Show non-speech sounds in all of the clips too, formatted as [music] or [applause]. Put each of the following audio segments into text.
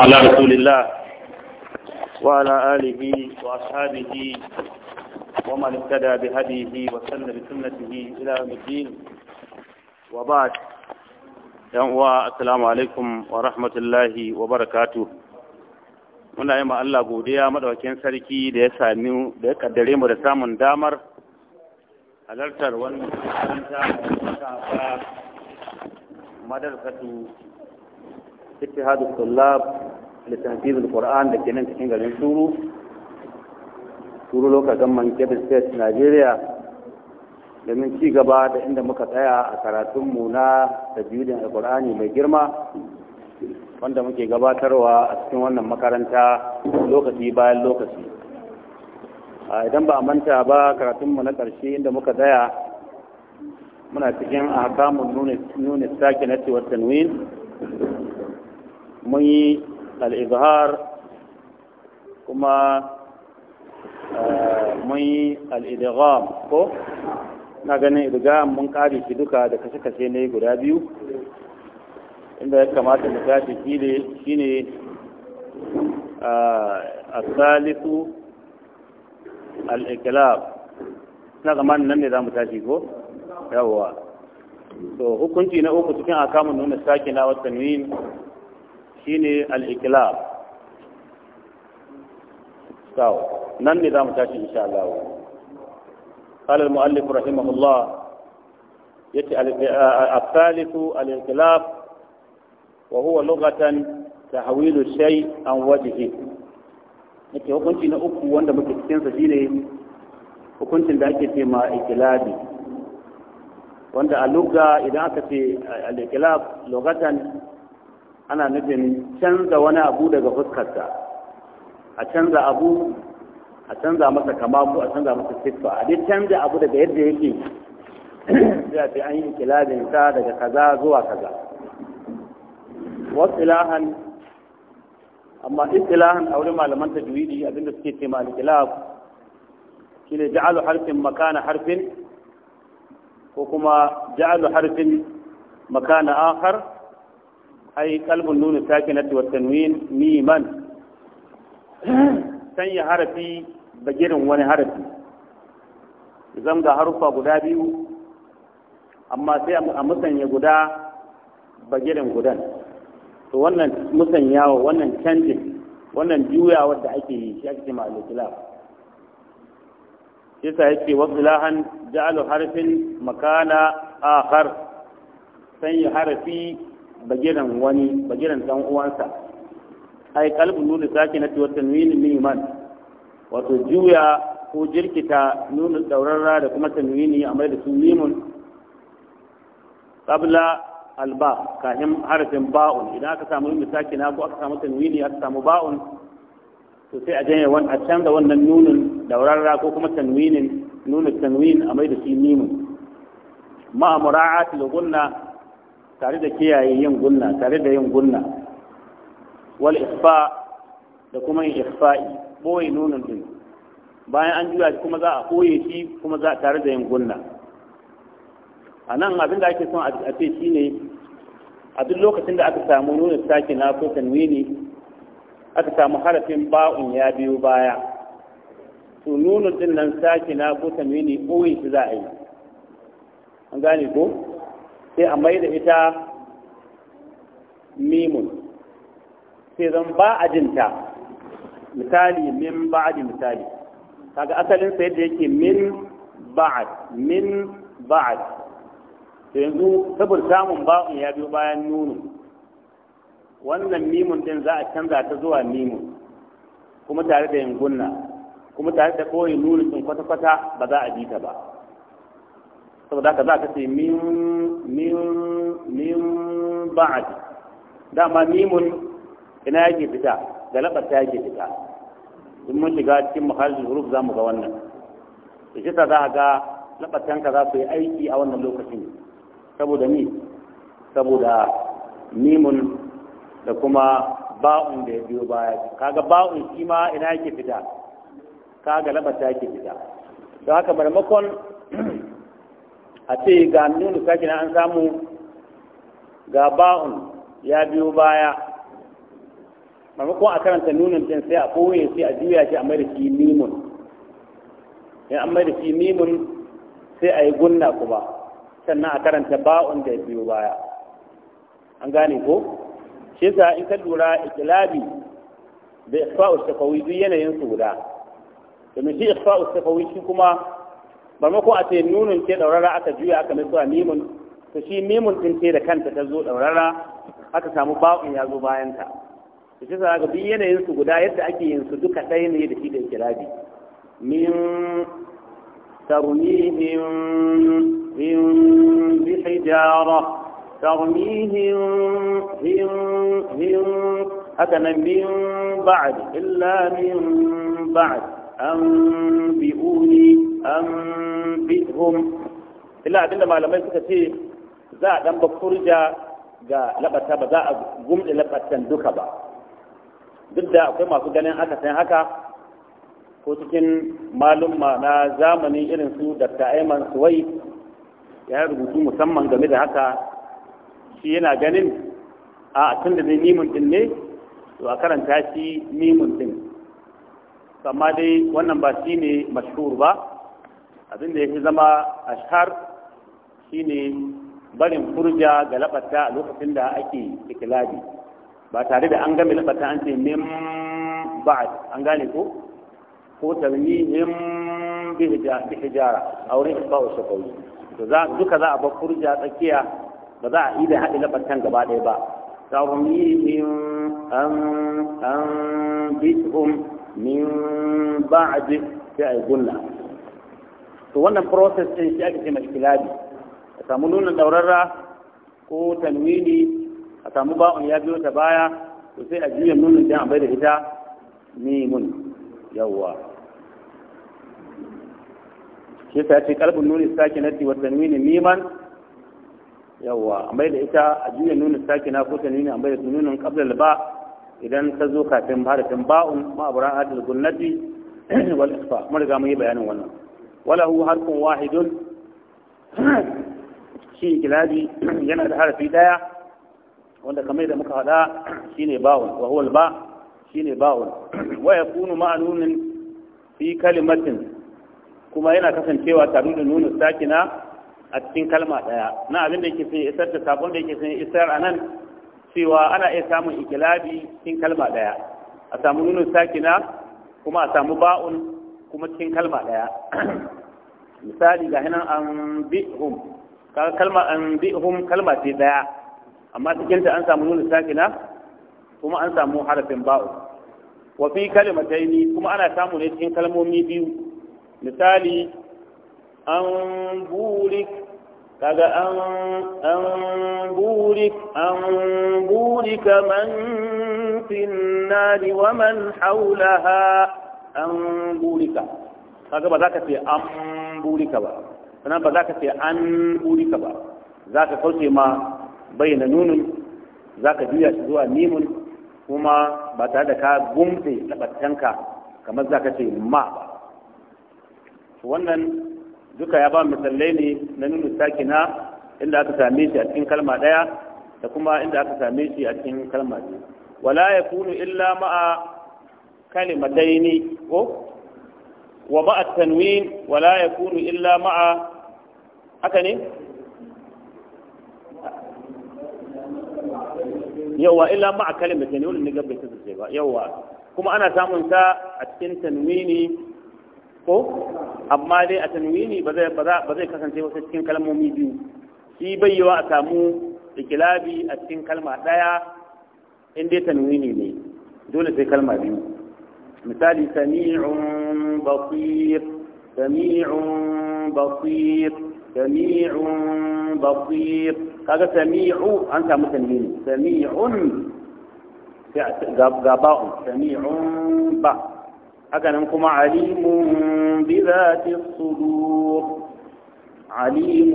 على رسول الله وعلى آله وأصحابه ومن اهتدى بهديه وسن بسنته إلى يوم وبعد وبعد السلام عليكم ورحمة الله وبركاته muna yi Allah godiya madaukakin sarki da ya sami da ya kaddare mu da samun damar halartar wannan makaranta madarkatu ittihadu tullab litanzil alquran da ke nan cikin garin suru suru lokacin man kebe state nigeria domin ci gaba da inda muka tsaya a karatunmu na tajwidin alqur'ani mai girma wanda muke gabatarwa a cikin wannan makaranta lokaci bayan lokaci idan ba a manta ba karatunmu na ƙarshe inda muka tsaya muna cikin ahkamun nuna sakinati wa tanwin mun yi al'izhar kuma eh, mun yi al'idigam ko na ganin idigam mun ƙari shi duka da kashe-kashe ne guda biyu inda ya kamata mu tashi shi ne eh, a salisu al'ikilab na zamanin nan ne za mu tashi ko yawwa to hukunci na uku cikin akamun nuna na wata nuyin shine al-iklab sau nan ne za mu tashi insha Allah قال المؤلف رحمه الله يتي wa huwa وهو لغة تحويل الشيء an وجهه yake hukunci na uku wanda muke cikinsa shine hukuncin da ake ce ma ikilabi wanda a lugha idan aka ce al-ikilab lugatan ana nufin canza wani abu daga fuskarsa a canza abu a canza masa kamaku a canza masa sifa a dai canza abu daga yadda yake ya a an yi kilabin sa daga kaza zuwa kaza wasu ilahan amma ilahan a wurin malaman juyi abinda suke ce ilahu Shi ne ja'alu harfin makana harfin ko kuma ja'alu harfin makana akhar ai kalbun nunu na wa tanwin miman sanya harafi bagirin wani harafi zan ga harufa guda biyu amma sai a musanya guda bagirin gudan to wannan musanyawa wannan canjin wannan juyawa da ake yi shi ake ma al-islam yasa yake wasilahan ja'alu harfin makana akhar sanya harafi bagiran wani bagiran dan uwansa ai kalbu nunu sakinati wa tanwini liman wato juya ko jirkita nuna daurarra da kuma tanwini a mai da su mimun qabla alba kafin harafin ba'un idan aka samu nunu sakina ko aka samu tanwini aka samu ba'un to sai a janye a canza wannan nunin daurarra ko kuma tanwinin nunu tanwin a mai da su mimun ma'a mura'ati lugunna tare da kiyaye yin gunna tare da yin gunna wal ikhfa da kuma yin ikhfa'i boye nunin din bayan an juya kuma za a koye shi kuma za a tare da yin gunna a nan abin da ake son a ce shine a duk lokacin da aka samu nuna sake na ko tanwini aka samu harafin ba'un ya biyo baya to nuna din nan sake na ko tanwini koye shi za a yi an gane ko sai a mai da ita mimun sai zan ba a jinta misali min ba'adi misali kaga asalin sa yadda yake min ba'ad min ba'ad sai yanzu saboda samun ba'un ya biyo bayan nunu wannan mimun din za a canza ta zuwa mimun kuma tare da yin kuma tare da koyi nunu din kwata-kwata ba za a bi ta ba saboda haka za ka ce min ba'ad min ba'd dama mimun ina yake fita da labarta yake fita in mun shiga cikin muhalin huruf za mu ga wannan da shi ta za ga labartanka za su yi aiki a wannan lokacin saboda ni saboda mimun da kuma ba'un da ya biyo baya kaga ba'un shi ma ina yake fita kaga labarta yake fita don haka marmakon a ce ga nunu sake an samu ga ba'un ya biyo baya maimakon a karanta nunin din sai a koyi sai a juya shi a mai da shi mimun in an mai da shi mimun sai a yi gunna kuma sannan a karanta ba'un da ya biyo baya an gane ko shi sa in ka lura ikilabi da ikfa'u safawi duk yanayin su guda domin shi ikfa'u safawi shi kuma ko a ce nunin ce ɗaurara aka juya aka mai zuwa mimun to shi mimun ɗin ce da kanta ta zo ɗaurara aka samu ba'un ya zo bayan ta to shi sa ga duk yanayin su guda yadda ake yin su duka ɗaya ne da shi da kirabi min tarmihim min bi hijara tarmihim him him haka nan min ba'd illa min ba'd an bi'uni An anbihum illa abinda malamai suka ce za a dan bakurja ga labata ba za a gumɗe labatan duka ba duk da akwai masu ganin haka sai haka ko cikin malumma na zamani irin su Dr. aiman Suwai ya rubutu musamman game da haka shi yana ganin a tun da nimun din ne to a karanta shi mimun din amma dai wannan ba shi ne mashhur ba abin da ya fi zama a shahar shine barin furja ga labata a lokacin da ake ikilabi ba tare da an gami labata an ce min ba'd an gane ko ko min bi hijara a wurin wa shafawi to za duka za a bar furja tsakiya ba za a yi da haɗe labatan gaba ɗaya ba min an an bihum min ba'd sai a gunna to wannan process ɗin shi ake ce mashkilabi a samu nuna daurarra ko tanwini a samu ba'un ya biyo ta baya to sai a juya nunin a abai da ita mimun yawwa shi ta ce kalbin nuni sakinati wa tanwini miman yawwa abai da ita a juya nunin na ko tanwini bai da nunin qabla ba idan ta zo kafin harafin ba'un ma abra adil gunnati [clears throat] wal isfa mun riga mun yi bayanin wannan walahu harfun wahidun shi gilabi yana da harfi daya wanda kamar da muka hada shine ba'un wa huwa ba shine ba'un wa yakunu ma'nunin fi kalimatin kuma yana kasancewa tare da nuna sakina a cikin kalma daya na abin da yake sai isar da sakon da yake sai isar anan cewa ana iya samun ikilabi cikin kalma daya a samu nuna sakina kuma a samu ba'un kuma cikin kalma ɗaya [clears throat] misali ga hinan an bi'hum kaga kalma an bi'hum kalma ce ɗaya amma cikin ta an samu nuna sakina kuma an samu harafin ba'u wa fi kalimataini kuma ana samu ne cikin kalmomi biyu misali an burik kaga an an burik an burika man fi nari wa man haulaha an burika kaga ba za ka ce an burika ba sannan ba za ka ce an burika ba za ka kauce ma bayyana nunin. za ka juya shi zuwa mimun kuma ba tare da ka gumse labattanka kamar za ka ce ma ba wannan duka ya ba misalai ne na nunu sakina inda aka same shi a cikin kalma ɗaya da kuma inda aka same shi a cikin kalma biyu wala ya kunu illa ma'a كلمتين ko wa a tanwin wala yakunu illa ma'a haka ne yawa illa ma'a kalimataini wannan ne يوا ta ba سامن kuma ana samun ta a cikin tanwini ko amma dai a tanwini ba zai kasance wasu cikin kalmomi biyu shi bayyawa a samu ikilabi a cikin kalma ɗaya in dai tanwini ne dole sai kalma biyu مثال سميع بصير سميع بصير سميع بصير هذا سميع أنت مثلين سميع قباء سميع با هذا انكم عليم بذات الصدور عليم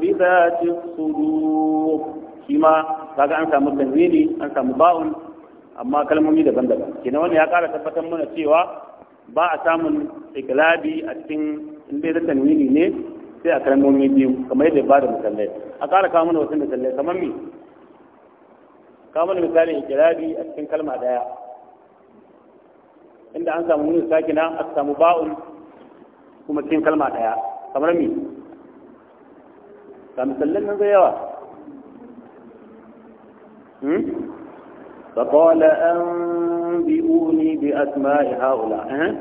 بذات الصدور كما هكذا أنت مثلين أنت مباء amma kalmomi daban-daban kenan wani ya kara tabbatar mana cewa ba a samun ikilabi a cikin inda zata nuni ne sai a kalmomi biyu kamar yadda ba da misalai a kara kawo mana wasu misalai kamar mi kawo mana misalin ikilabi a cikin kalma ɗaya inda an samu nuna sakina a samu ba'un kuma cikin kalma ɗaya kamar mi ga misalai nan zai yawa hmm? فقال أنبئوني بأسماء هؤلاء ها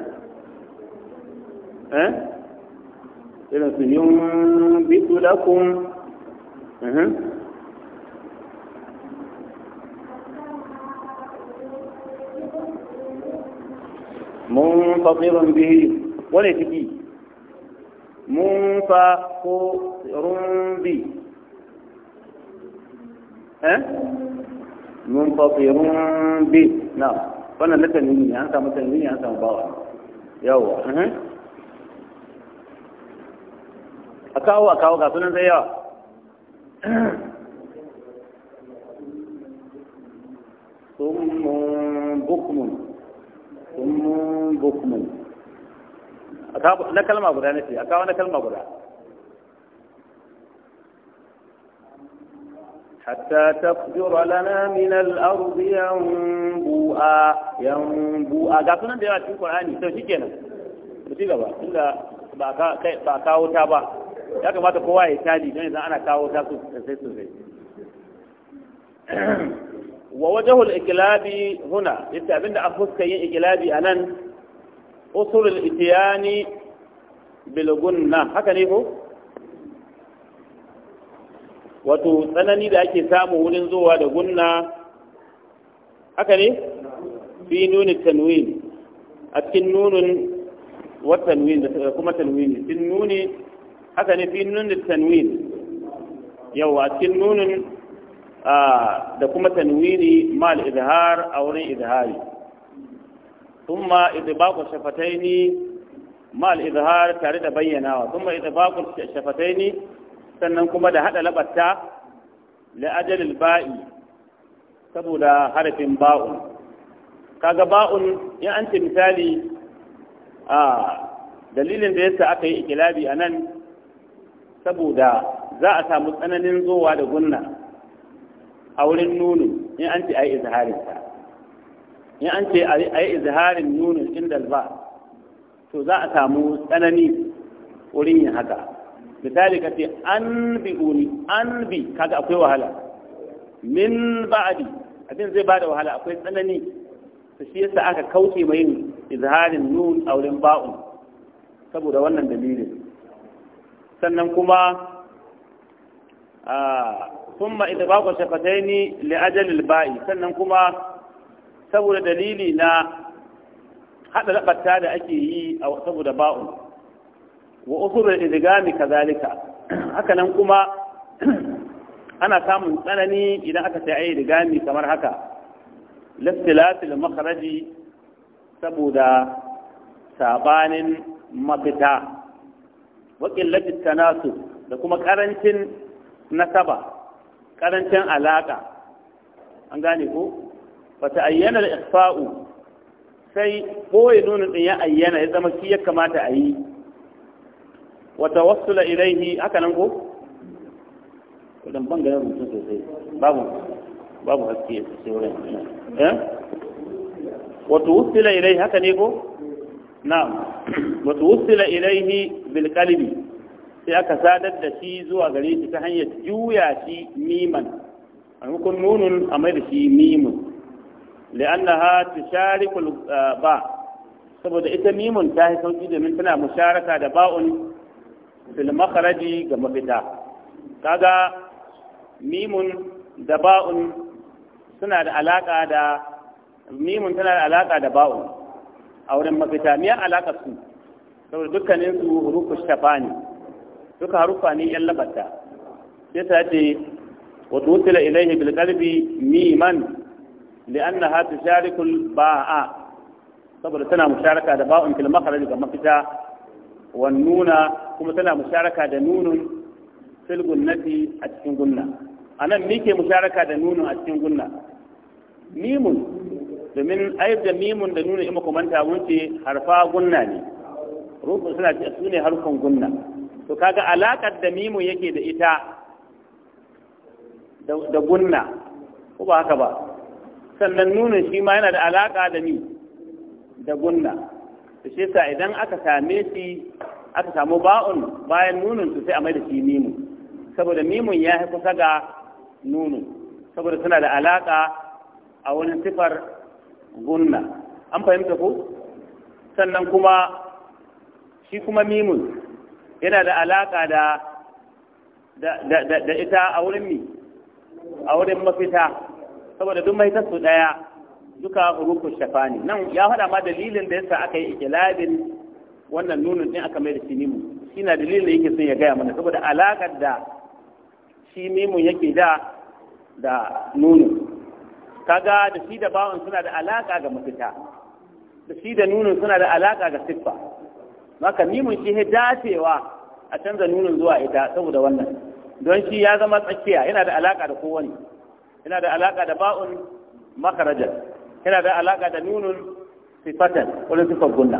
أه؟, أه؟ ينبت لكم ها أه؟ منفطر به ولتكي منفطر به ها أه؟ mun munfatirun bi na wannan lakalin ne an samu tanzini an samu bawa yawa a kawo a kawo ga sunan zai yawa summun bukmun a kawo na kalma guda nake a kawo na kalma guda حتى تفجر لنا من الأرض ينبوءا ينبوءا قاسونا ديوا في القرآن تو شكينا بسيطة با إلا باكاو كاو تابا يا كما تقوى يتالي جنة أنا كاو تاسو سيسو سي ووجه الإكلاب هنا يتعبين أفوس كي إكلابي أنن أصول الإتيان بالغنة هكذا نيهو wato tsanani da ake samu wurin zuwa da gunna haka ne fi nuni tanwin a cikin nunin wa tanwin da kuma tanwin cikin nuni haka ne fi nunin tanwin yau a cikin nunin da kuma tanwini mal izhar a wurin izhari thumma idbaqu shafataini mal izhar tare da bayyanawa thumma idbaqu shafataini sannan kuma da haɗa labarta la'ajalil ba'i saboda harafin ba'un kaga ba'un in an ce misali a dalilin da yasa aka yi ikilabi a nan saboda za a samu tsananin zowa da gunna a wurin nuni, in an ce a yi izharinsa in an ce a yi izaharin nunu inda ba to za a samu tsanani wurin yin haka misali ka ce an bi uni an bi kaga akwai wahala min ba'adi abin zai bada wahala akwai tsanani to shi yasa aka kauce mai yin izharin nun a wurin ba'un saboda wannan dalilin sannan kuma a ah, thumma idbaqu shaqataini li ajal al ba'i sannan kuma saboda dalili na hada labatta da ake yi saboda ba'un wa usulul idgami kazalika haka nan kuma [clears throat] ana samun tsanani idan aka sai ayi idgami kamar haka lastilatil makharaji saboda sabanin mafita wa qillatit tanasu da kuma karancin nasaba karancin alaka an gane ko fata ayyana al-ikhfa'u sai boye nuna din ya ayyana ya zama shi ya kamata a yi Wata wasu ilaihi haka nan ko kudan ganin rubutun sosai babu babu haske sosai wurin eh haka ne ko sai aka sadar da shi zuwa gare shi ta hanyar juya shi miman a hukun nunun a mai da shi mimun ta share ba saboda ita mimun ta yi sauki domin tana musharaka da ba'un fil makharaji ga mafita kaga mimun da ba'un suna da alaka da mimun tana da alaka da ba'un a wurin mafita miya alaka su saboda dukkanin su shafa ne. duka harufa ne yan labarta sai ta ce wa tutila ilaihi bil qalbi miman li'annaha tushariku ba'a saboda tana musharaka da ba'un fil makhraj ga mafita wan nuna kuma tana musharaka da nunun filgun nafi a cikin gunna anan ni ke musharaka da nunun a cikin gunna mimun domin ayib da mimun da nunun ima kumanta mun harfa gunna ne rufin suna ce su ne harfan gunna to kaga alakar da mimun yake da ita da gunna ko ba haka ba sannan nunin shi ma yana da alaka da ni da gunna da shi idan aka same shi aka samu ba'un bayan nunun su sai a mai da shi mimu saboda mimun ya fi kusa ga nunu saboda suna da alaka a wani sifar gunna an fahimta ku sannan kuma shi kuma mimun yana da alaka da da ita a wurin mi a wurin mafita saboda duk mai su daya duka hurufun shafani nan ya faɗa ma dalilin da yasa aka yi ikilabin wannan nunin ɗin aka mai da shi mimu shi na dalilin da yake son ya gaya mana saboda alaƙar da shi mimun yake da da nunun kaga da shi da bawan suna da alaƙa ga mafita da shi da nunin suna da alaƙa ga siffa maka mimun shi ya dacewa a canza nunin zuwa ita saboda wannan don shi ya zama tsakiya yana da alaƙa da kowane yana da alaƙa da ba'un makarajar yana da alaƙa da nunin sifatan wani siffar gunna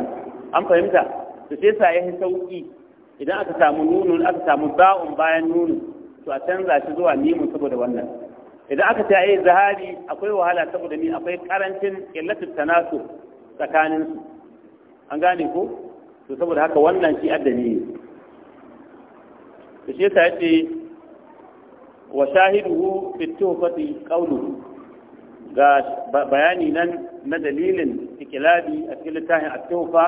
an fahimta to sai sa ya sauki idan aka samu nunu aka samu ba'un bayan nunu to a canza shi zuwa mimu saboda wannan idan aka ta yi zahari akwai wahala saboda ni akwai karancin illatul tanasu tsakanin su an gane ko to saboda haka wannan shi addani ne to shi yasa yace wa shahiduhu fi tuhfati qawlu ga bayani nan na dalilin ikilabi a cikin littafin at-tuhfa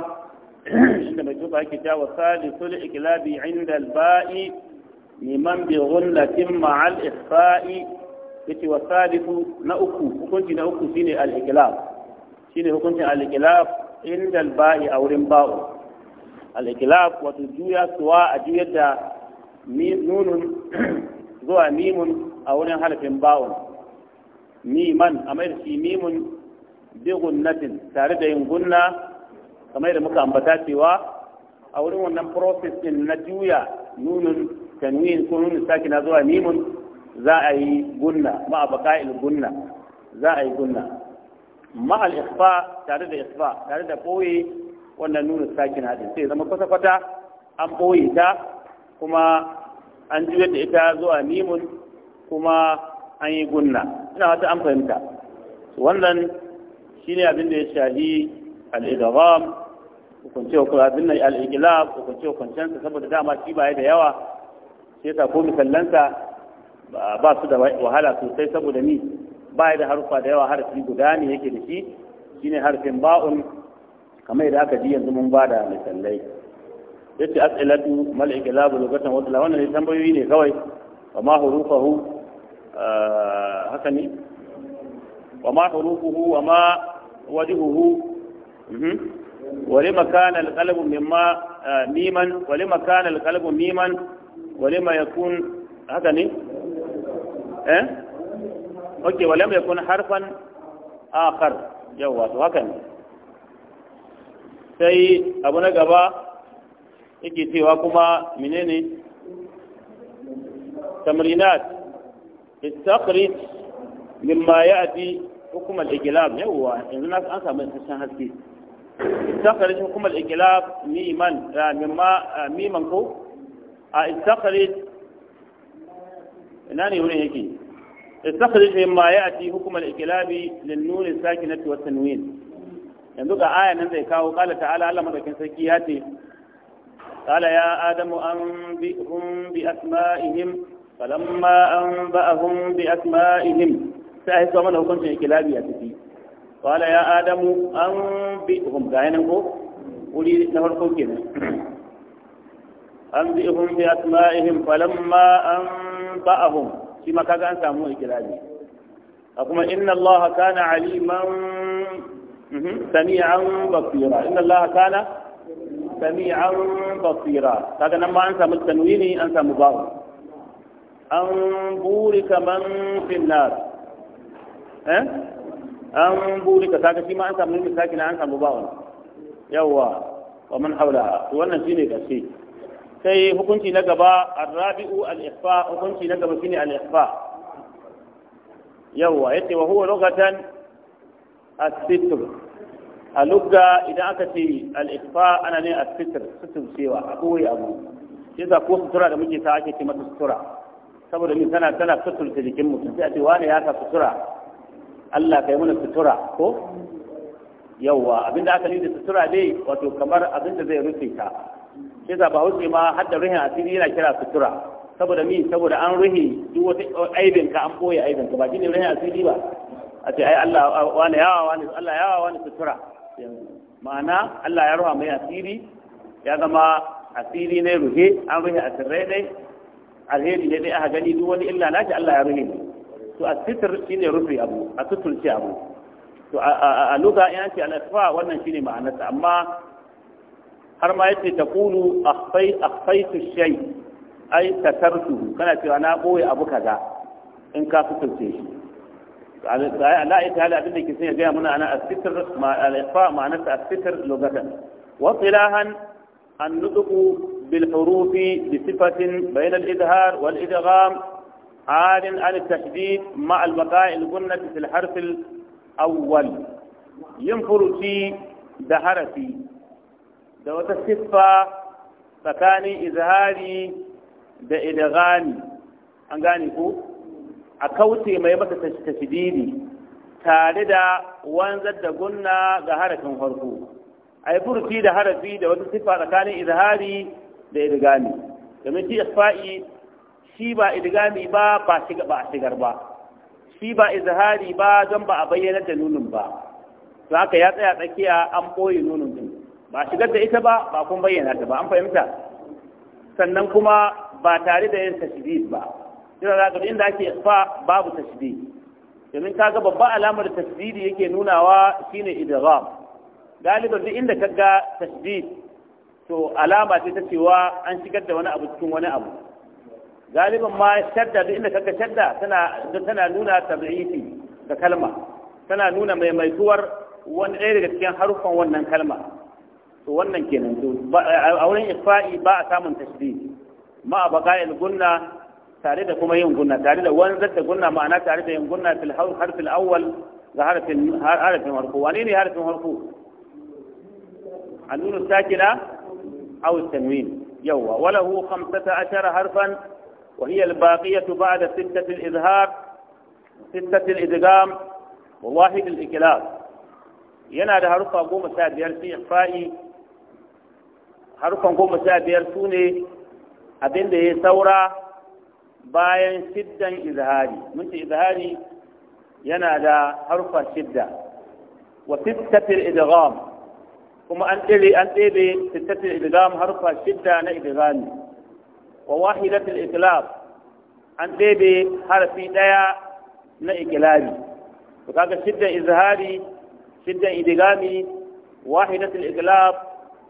inda mai tuba ake cewa sulu ikilabi inda alba'i neman bi ghullatin ma'al ya ce wa salisu na uku hukunci na uku shine al-iklab shine hukuncin al inda alba'i a wurin ba'u al wato juya suwa a juyar da nunun [clears throat] zuwa mimun a wurin harafin ba'un miman a mai shi mimun bi gunnatin tare da yin gunna kamar yadda muka ambata cewa a wurin wannan process din na juya nunun tanwin ko nunin nunun na zuwa mimun za a yi gunna ma a baka'il gunna za a yi gunna ma al ikhfa tare da ikhfa tare da boye wannan nunun na din sai zama kwata kwata an boye ta kuma an juya da ita zuwa mimun kuma an yi gunna ina wata an fahimta wannan shine abin da ya shahi al’idawam hukunci hukunce hukunce abin nan al-iqlab hukunce saboda dama shi baya da yawa sai ta ko misallansa ba su da wahala sosai saboda ni baya da harufa da yawa harfi guda ne yake da shi shine harfin ba'un kamar da aka ji yanzu mun ba da misallai yace as'ilatu mal’igilab iqlab lugatan wa wannan ne tambayoyi ne kawai ma hurufahu ah, haka ne wa ma hurufuhu wa ma wajihuhu ولما كان القلب مما ميما ولما كان القلب ميما ولما يكون هذا ني اوكي حرفا اخر to haka ne sai abu na gaba menene tamrinat istakhrij mimma ya'ti hukum al-iqlab yawa yanzu an haske istakhrij hukum al-iqlab ko a istakhrij ina ne wurin yake istakhrij mimma ya'ti hukum al-iqlab lin-nun as-sakinati wat-tanwin yanzu ga aya nan zai kawo qala ta'ala sarki ya ce قال يا آدم أنبئهم بأسمائهم فلما أنبأهم بأسمائهم سأهزوا من هو كنت إكلابي أتفي قال يا آدم أنبئهم كائنهم قولي نهركم كنا أنبئهم بأسمائهم فلما أنبأهم فيما كذا أن سامو إكلامي أقول إن الله كان عليما سميعا بصيرا إن الله كان سميعا بصيرا هذا لما أنسى التنوين أنسى مضاف أن بورك من في النار أه؟ an buɗe ka kaga shi ma an samu nufin sakina an samu bawon yawwa wa man haula to wannan shine gaske sai hukunci na gaba arrabi'u al-ikhfa hukunci na gaba shine al-ikhfa yawwa yace wa huwa lughatan as-sitr a lugga idan aka ce al-ikhfa ana ne as-sitr sitr cewa akwai koyi abu yasa ko sutura da muke sa ake ce mata sutura saboda ni tana tana suturta jikin mutum sai a ce wani ya sa sutura Allah kai mana sutura ko yawwa abinda aka nufi sutura dai wato kamar abinda zai rufe ta sai za ba ma har da ruhin asiri yana kira sutura saboda mi saboda an ruhi duk wata aibin ka an boye aibin ka ba shine ruhin asiri ba a ce ai Allah wani yawa wani Allah yawa wani sutura ma'ana Allah ya ruha mai asiri ya zama asiri ne ruhe an ruhi asirrai ne alheri ne dai aka gani duk wani illa nashi Allah ya ruhe ne الستر شيني رفي أبو الستر شيني أبو اللغة يعني الأخفاء وانا شيني أما هرما تقول أخفي الشيء أي تسرته كانت أنا أبوي أبو إن كان ستر لا إتهال أبنى كسين جاء أنا الستر مع الإخفاء الستر لغة وطلاها النطق بالحروف بصفة بين الإظهار والإدغام عاد عن التحديد مع البقاء الجنة في الحرف الأول ينفر في دهرتي دوت الصفة فكان إظهاري بإدغامي an gane ko a kauce mai masa tashdidi tare da wanzar da gunna ga harafin farko ai furfi da harafi da wata sifa tsakanin izhari da idgami domin shi isfa'i shi ba idgami ba ba ba shigar ba shi ba izhari ba don ba a bayyana da nunin ba to haka ya tsaya tsakiya an boye nunin din ba shigar da ita ba ba kun bayyana ta ba an fahimta sannan kuma ba tare da yin tashdid ba Idan za ka inda ake fa babu tashdid domin kaga babba alamar tashdid yake nunawa shine idgham galiban duk inda kaga tashdid to alama ce ta cewa an shigar da wani abu cikin wani abu غالبا ما الشدة لأن كذا شدة سنا سنا نونا تبعيتي ككلمة سنا نونا ما ما يصور وان غير إيه كان حرفا وان كلمة وان كنا أولا إخفاء باء ثامن تشديد ما بقى الجنة تاريدة كما ينقلنا تاريدة وان ذات قلنا ما أنا تاريدة في الحرف الأول ظهر في الحرف المرفوع وانين الحرف المرفوع النون الساكنة أو التنوين يوا وله 15 حرفا وهي الباقية بعد ستة الإظهار ستة الإدغام وواحد الإكلاف ينا ده حرفا قوم ساد يرسي إخفائي حرفا قوم ساد يرسوني أبين ده ثورة باين ستة إظهاري منت إظهاري ينا ده حرفا شدة وستة الإدغام كما أنت لي أنت لي ستة الإدغام حرفا شدة أنا إدغامي wa wahidatul iklab an ɗebe harfi ɗaya na ikilabi to kaga shiddan izhari shiddan idigami wahidatul iklab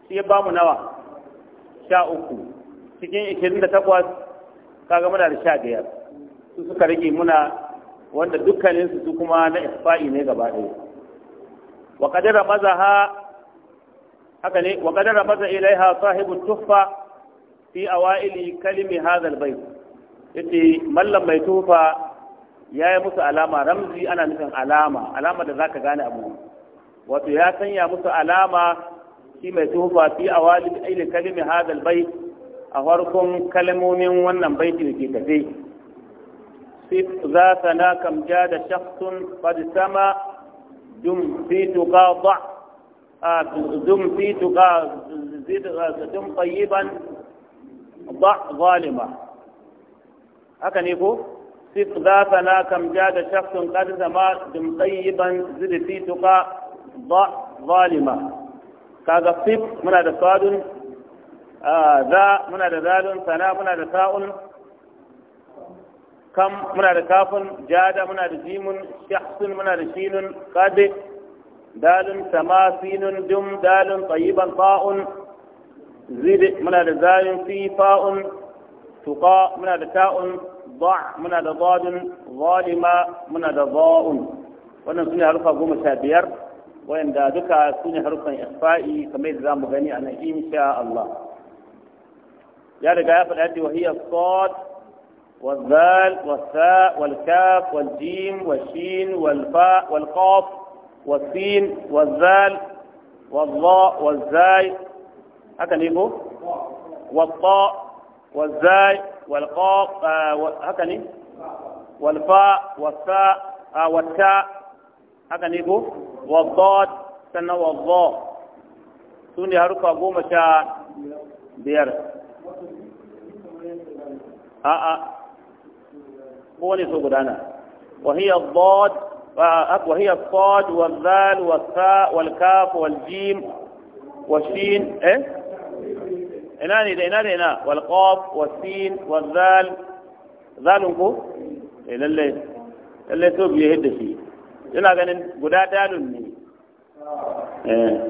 shi ya bamu nawa sha uku cikin 28 kaga muna da sha biyar su suka rage muna wanda dukkaninsu su kuma na isfa'i ne gaba ɗaya wa kadara mazaha haka ne wa maza ilaiha sahibu tuffa fi awaili kalimi hadhal bayt yace mallam mai tufa ya yi musu alama ramzi ana nufin alama alama da zaka gane abu wato ya sanya musu alama shi mai tufa fi awaili kalimi hadhal bayt a farkon kalmomin wannan baiti da ke tafe za ta na kamja da shakhsun qad sama dum fi tuqada dum fi tuqada dum tayyiban ba zalima haka ne ko sik za ta na kan ja da shakkun kar zama dimtsayiban zurfi tuka ba zalima kaga sik muna da sadun za muna da zalun sana muna da ta'un kam muna da kafin jada muna da jimun shahsun muna da shinun sama dalin samasinun dum dalin ban ta'un زيد من هذا زاي في فاء تقاء من هذا تاء ضع من هذا ضاد ظالم من هذا ضاء وانا سنة حرفة قوم سابير وان دا دكا سنة حرفة اخفائي كميز رام غني انا ان شاء الله يا رجاء فالأتي وهي الصاد والذال والثاء والكاف والجيم والشين والفاء والقاف والسين والذال والظاء والزاي هكذا نيبو إيه والطاء والزاي والقاء آه، هكذا إيه؟ والفاء والثاء آه، والتاء هكذا نيبو إيه والضاد سنة والضاء سنة حرف أبو مشا بير آآ آه، آآ هو نسوغدانا وهي الضاد وهي الصاد والذال والثاء والكاف والجيم والشين إيه إنان إذا إنان والقاف والسين والذال ذالهم كو إلا إيه، اللي اللي سوق يهد فيه إنا قلن قدا دالني إيه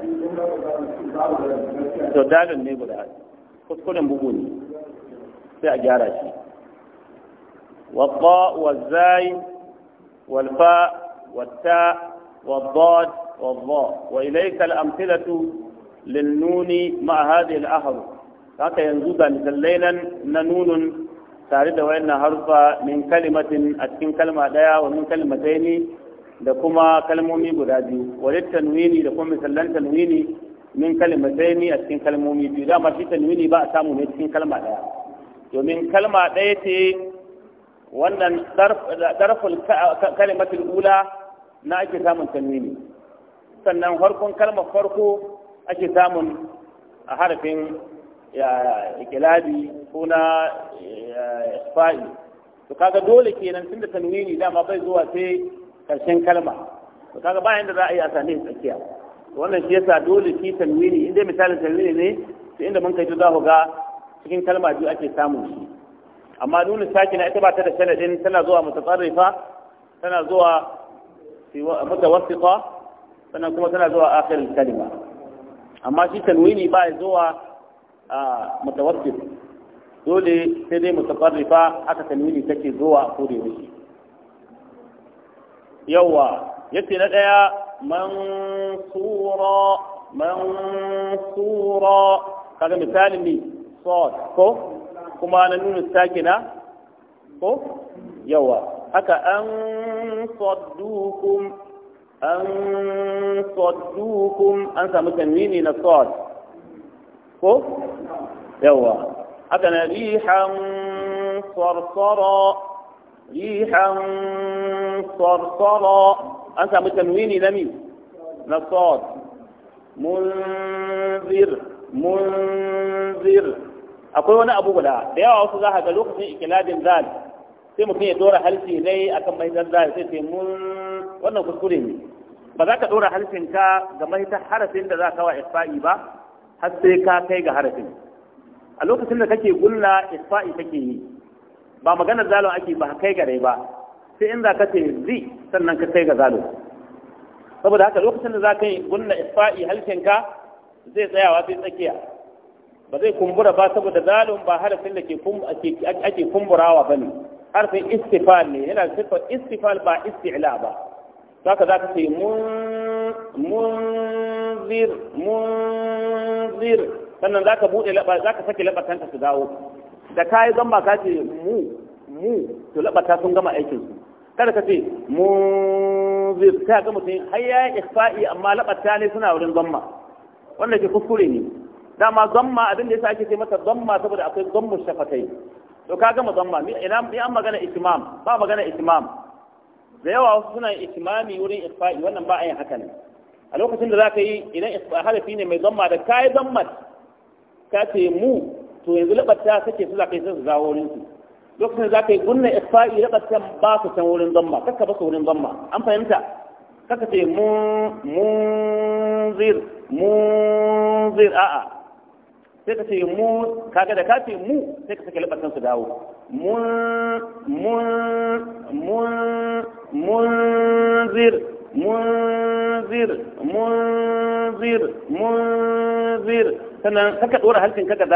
دالني قدا قد كل مبوني في أجارك والطاء والزاي والفاء والتاء والضاد والظاء وإليك الأمثلة للنون مع هذه الأحرف haka yanzu ga misalai nan na nunun tare da wayannan harfa min kalimatin a cikin kalma daya wa min kalmataini da kuma kalmomi guda biyu wani tanwini da kuma misalan tanwini min kalmataini a cikin kalmomi biyu dama shi tanwini ba a samu ne cikin kalma daya domin kalma daya ce wannan darful kalimatin ula na ake samun tanwini sannan farkon kalmar farko ake samun a harafin ikilabi ko na fa'i to kaga dole kenan tunda tanwini dama bai zuwa sai karshen kalma to kaga ba inda za a yi a sami tsakiya wannan shi yasa dole shi tanwini inda misalin tanwini ne to inda mun kai to za ku ga cikin kalma biyu ake samun shi amma nuna na ita ba ta da sanadin tana zuwa mutasarrifa tana zuwa mutawassita sannan kuma tana zuwa akhir kalma amma shi tanwini ba zuwa a mutawassif dole sai dai mutafarrifa aka tanwini take zuwa a kore mishi yawa yace na daya man mansura kaga misali ne sod ko kuma na nuna sakina ko yawa haka an saddukum an saddukum an samu tanwini na sod ko yawa haka na rihan sarsara rihan sarsara an samu tanwini na mi na sod munzir munzir akwai wani abu guda da yawa wasu za ka ga lokacin ikiladin zal sai mutum ya dora halshe ne akan mahitar zal sai sai mun wannan kuskure ne ba za ka dora halshenka ga mahitar harafin da za ka wa isfa'i ba har sai ka kai ga harafin a lokacin da kake gulla isfa'i kake yi ba maganar zalo ake ba kai ga rai ba sai in za ka ce zi sannan ka kai ga zalo saboda haka lokacin da za ka yi gulla isfa'i ka zai tsayawa sai tsakiya ba zai kumbura ba saboda zalon ba harafin da ake kumburawa ba ne harafin istifal ne yana sifar istifal ba isti'la ba za ka za ka ce mun munzir munzir sannan zaka bude za ka sake labatanta su dawo da kai gamba ka ce mu mu to laɓata sun gama aikin su kada ka ce munzir sai ga mutum har ya ikhfa'i amma laɓata ne suna wurin zamma wannan ke kuskure ne dama zamma abin da yasa ake ce mata zamma saboda akwai zammu shafatai to ka gama zamma ina ina magana itimam ba magana itimam da yawa wasu suna itimami wurin ifa'i wannan ba a yin haka ne a lokacin da za ka yi idan harafi ne mai zamma da kayi zamma ka ce mu to yanzu labarta kake su za ka yi su zawo wurin lokacin da za ka yi gunna ifa'i labarta ba su can wurin zamma kaka ba su wurin zamma an fahimta kaka ce mun munzir munzir a'a sai ka ce mu kaga da ka ce mu sai ka sake labarkan su dawo mun mun mun munzir munzir munzir munzir sannan saka dora halkin kaga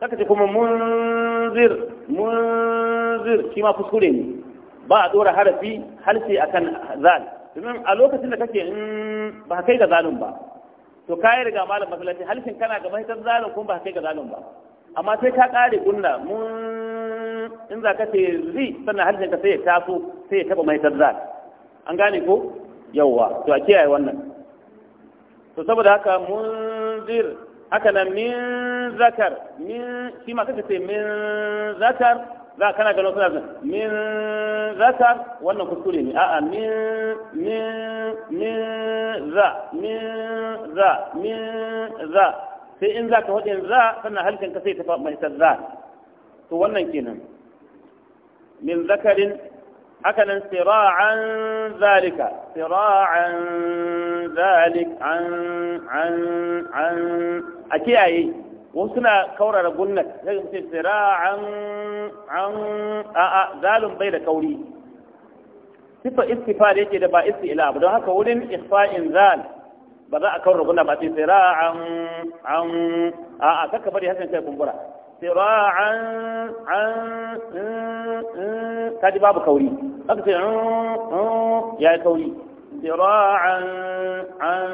saka ce kuma munzir kima shi ma kuskure ne ba a dora harafi a akan zal domin a lokacin da kake in ba kai ga zalun ba to kai riga malam masallaci halkin kana ga mahitar zalun kun ba kai ga zalun ba amma sai ka kare kunna mun in za ka ce zi sannan halkin ka sai ya taso sai ya taba mahitar zal an gane ko yawwa to a kiyaye wannan to saboda haka munzir haka nan min zakar min shi ma kake min zakar za kana ganin suna zan min zakar wannan kuskure ne a'a min min min za min za min za sai in za ka hudin za sannan halkan ka sai ta fa mai za to wannan kenan min zakarin haka nan sira'an zalika sira'an zalik an an an a kiyaye wasu suna kaurara gullat sai mu ce sira'an an a'a zalun bai da kauri sifa istifa da yake da ba isti'la ba don haka wurin ihfa'in zal ba za a kaurara gullat ba sai sira'an an a'a saka bari hakan kai kumbura sira'an an ji babu kauri aka ce ya yi kauri sira'an an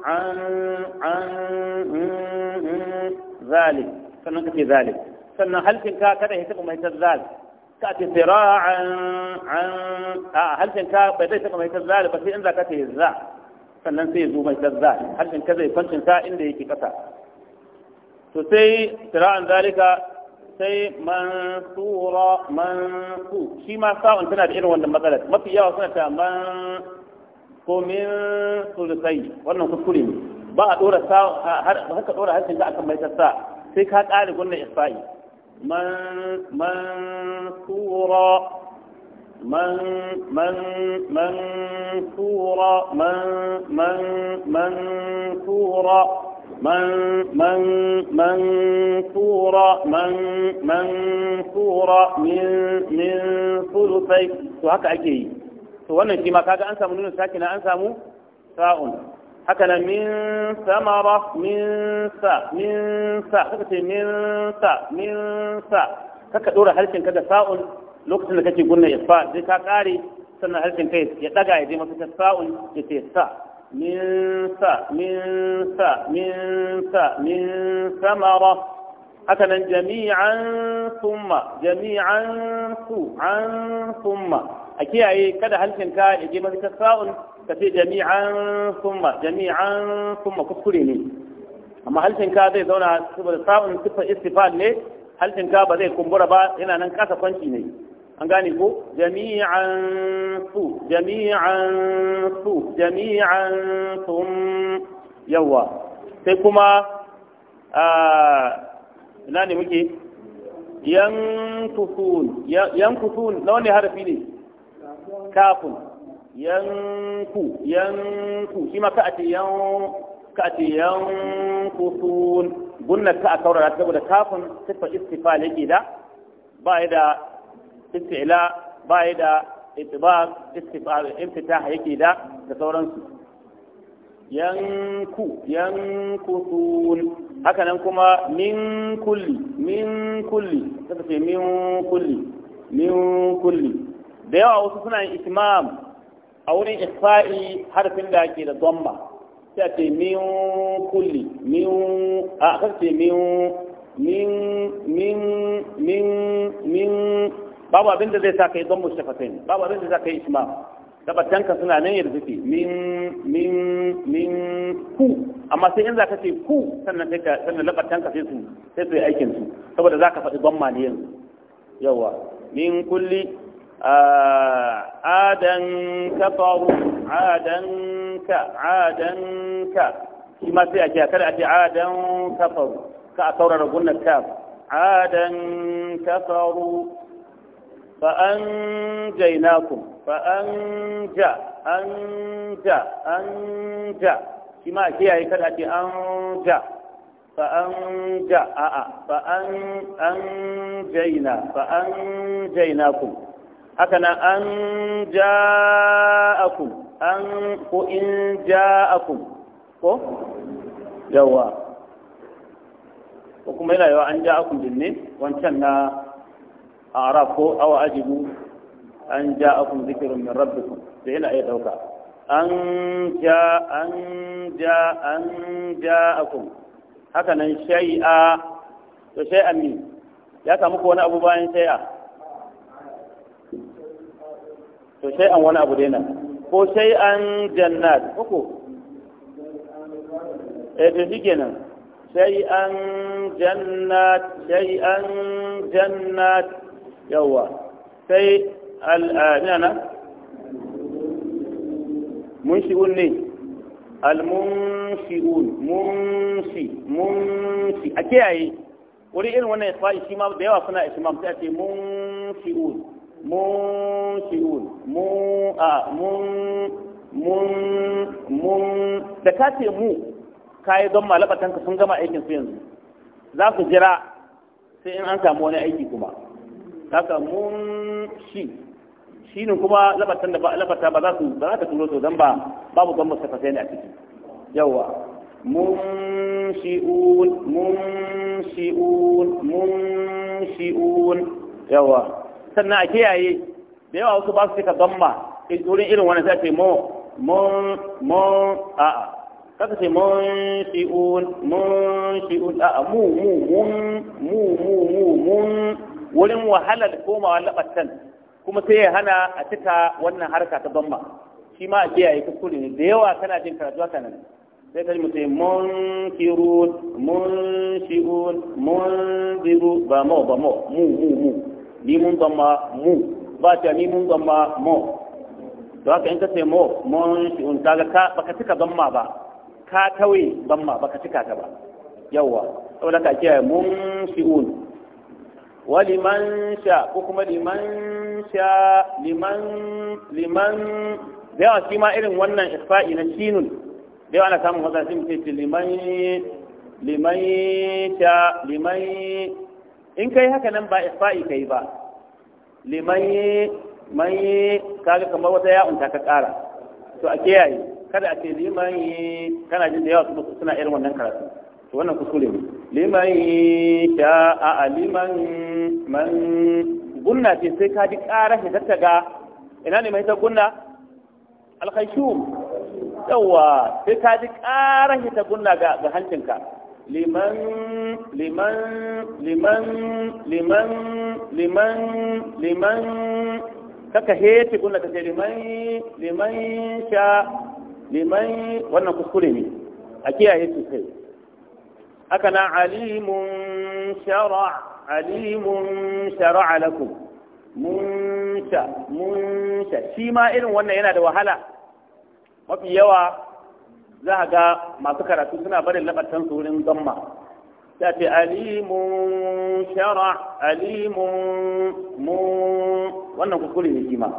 an an zalik sannan kace zalik sannan halkin ka kada ya taba mai ta zalik ka ce sira'an an a halkin ka bai zai taba mai ta zalik ba sai in za ka ce za sannan sai ya zo mai ta zalik halkin ka zai kwancin sa inda yake kasa to sai sira'an zalika sai mansura mansu shi ma sa'un tana da irin wannan matsalar mafi yawa suna ta man ko min sulusai wannan kuskure ne ba a dora sa har ba ka dora harshen ka akan mai tassa sai ka kare gunnan isfa'i man man sura man man man sura man man man sura من من من سورة من من سورة من من ثلثي وهكذا أكيد to wannan shi ma kaga an samu nuna sakina an samu sa'un haka nan min samara min sa min sa kaka ce min sa min sa kaka dora harshen ka da sa'un lokacin da kake gunna fa, sai ka kare sannan harshen kai ya daga ya je masa ta sa'un ya ce sa min sa min sa min sa min samara haka nan jami'an summa jami'an su an summa a kiyaye kada halkinka ya je mafita sa'un ka ce jami'an summa jami'an summa kuskure ne amma halkinka zai zauna saboda sa'un sifa istifal ne halkinka ba zai kumbura ba yana nan kasa kwanci ne an gane ko jami'an su jami'an su jami'an sum yawa sai kuma ah, ina ne muke yankufun yankufun nawa ne harafi ne kafin yanku yanku shi ma ka a ce yankufun gunnar ka a kaurara saboda kafin siffar istifal yake da ba ya da istila ba ya da itibaq istifal iftitah yake da da sauransu yanku yankufun hakanan kuma min kulli min kulli suka ce min kulli min kulli da yawa wasu suna yin itimam a wurin isfa'i harfin da ke da zomba sai a ce min kulli min a kar ce min min min min min babu abin da zai sa yi zomba shafatai babu abin da zai sa yi itimam tabattanka suna nan yadda suke min min min ku amma sai in zaka ce ku sannan sai ka sannan labattanka sai su sai su yi aikin su saboda zaka faɗi ban ma ne yanzu yawa min kulli adan ka faru adan ka adan ka shi ma sai a ce kada a ce adan ka faru ka a saurara gunnar ka adan ka faru fa an jainakum fa’anja, anja, anja. shi ma yayi kada ce anta fa'anta a'a fa'an an jaina fa'an jaina ku haka nan an ku, an ko in ku, ko yawa ko kuma yana yawa an a din ne wancan na a ko awa ajibu an ja akun zikirun min rabbikum da yana iya dauka an ja an ja an akun haka nan shay'a to shay'an min ya samu ko wani abu bayan shay'a to an wani abu dai ko ko an jannat uku eh to shi shikenan an jannat an jannat yawa sai al'ana ah, munshi'un ne al-munshi'un munshi munshi a kiyaye wuri irin wannan isfa'i shi ma da yawa suna ishmam sai a ce munshi'un munshi'un mu a mun mun mun da ka ce mu kayi don malabatanka sun gama aikin su yanzu za ku jira sai in an samu wani aiki kuma haka mun shi shine kuma labatan da labata ba za su ba za ta turo to dan ba babu gambar safasai ne a ciki yawa munshi'un munshi'un munshi'un yawa sannan a kiyaye da yawa wasu ba su cika gamma wurin irin wani sai ce mo mun, mun, a a kaka ce munshi'un munshi'un a a mu mu mun mu mu mu mun wurin wahalar komawa labatan kuma sai ya hana a cika wannan harka ta bamba shi ma a kiyaye kuskure ne da yawa kana jin karatu haka nan sai kaji mutum shi'un mun munziru ba mo ba mo mu mu mu ni mun bamba mu ba ta ni mun bamba mo to haka in ka ce mo ta, kaga ka baka cika bamba ba ka tawe bamba baka cika ta ba yawa saboda ka kiyaye shi'un wa liman sha ko kuma liman sha liman liman da yawa shi irin wannan isfa'i na shinun da yawa ana samun wata sun ce liman liman sha liman in kai haka nan ba isfa'i kai ba liman man kaga kamar wata ya'un ta ka kara to a kiyaye kada a ce liman kana jin da yawa suna irin wannan karatu wannan kuskure ne liman ta a liman man gunna ce sai ka ji ƙara shi ga ina ne mai ta gunna alkhashum yawa sai ka ji ƙara shi ta gunna ga hancinka liman liman liman liman liman liman kaka heti gunna ta ce liman liman sha liman wannan kuskure ne a kiyaye sosai haka alimun shara alimun shara'a lakum shi ma irin wannan yana da wahala mafi yawa za ga masu karatu suna barin labartan su wurin zamma ta ce alimun shara alimun wannan ne shi ma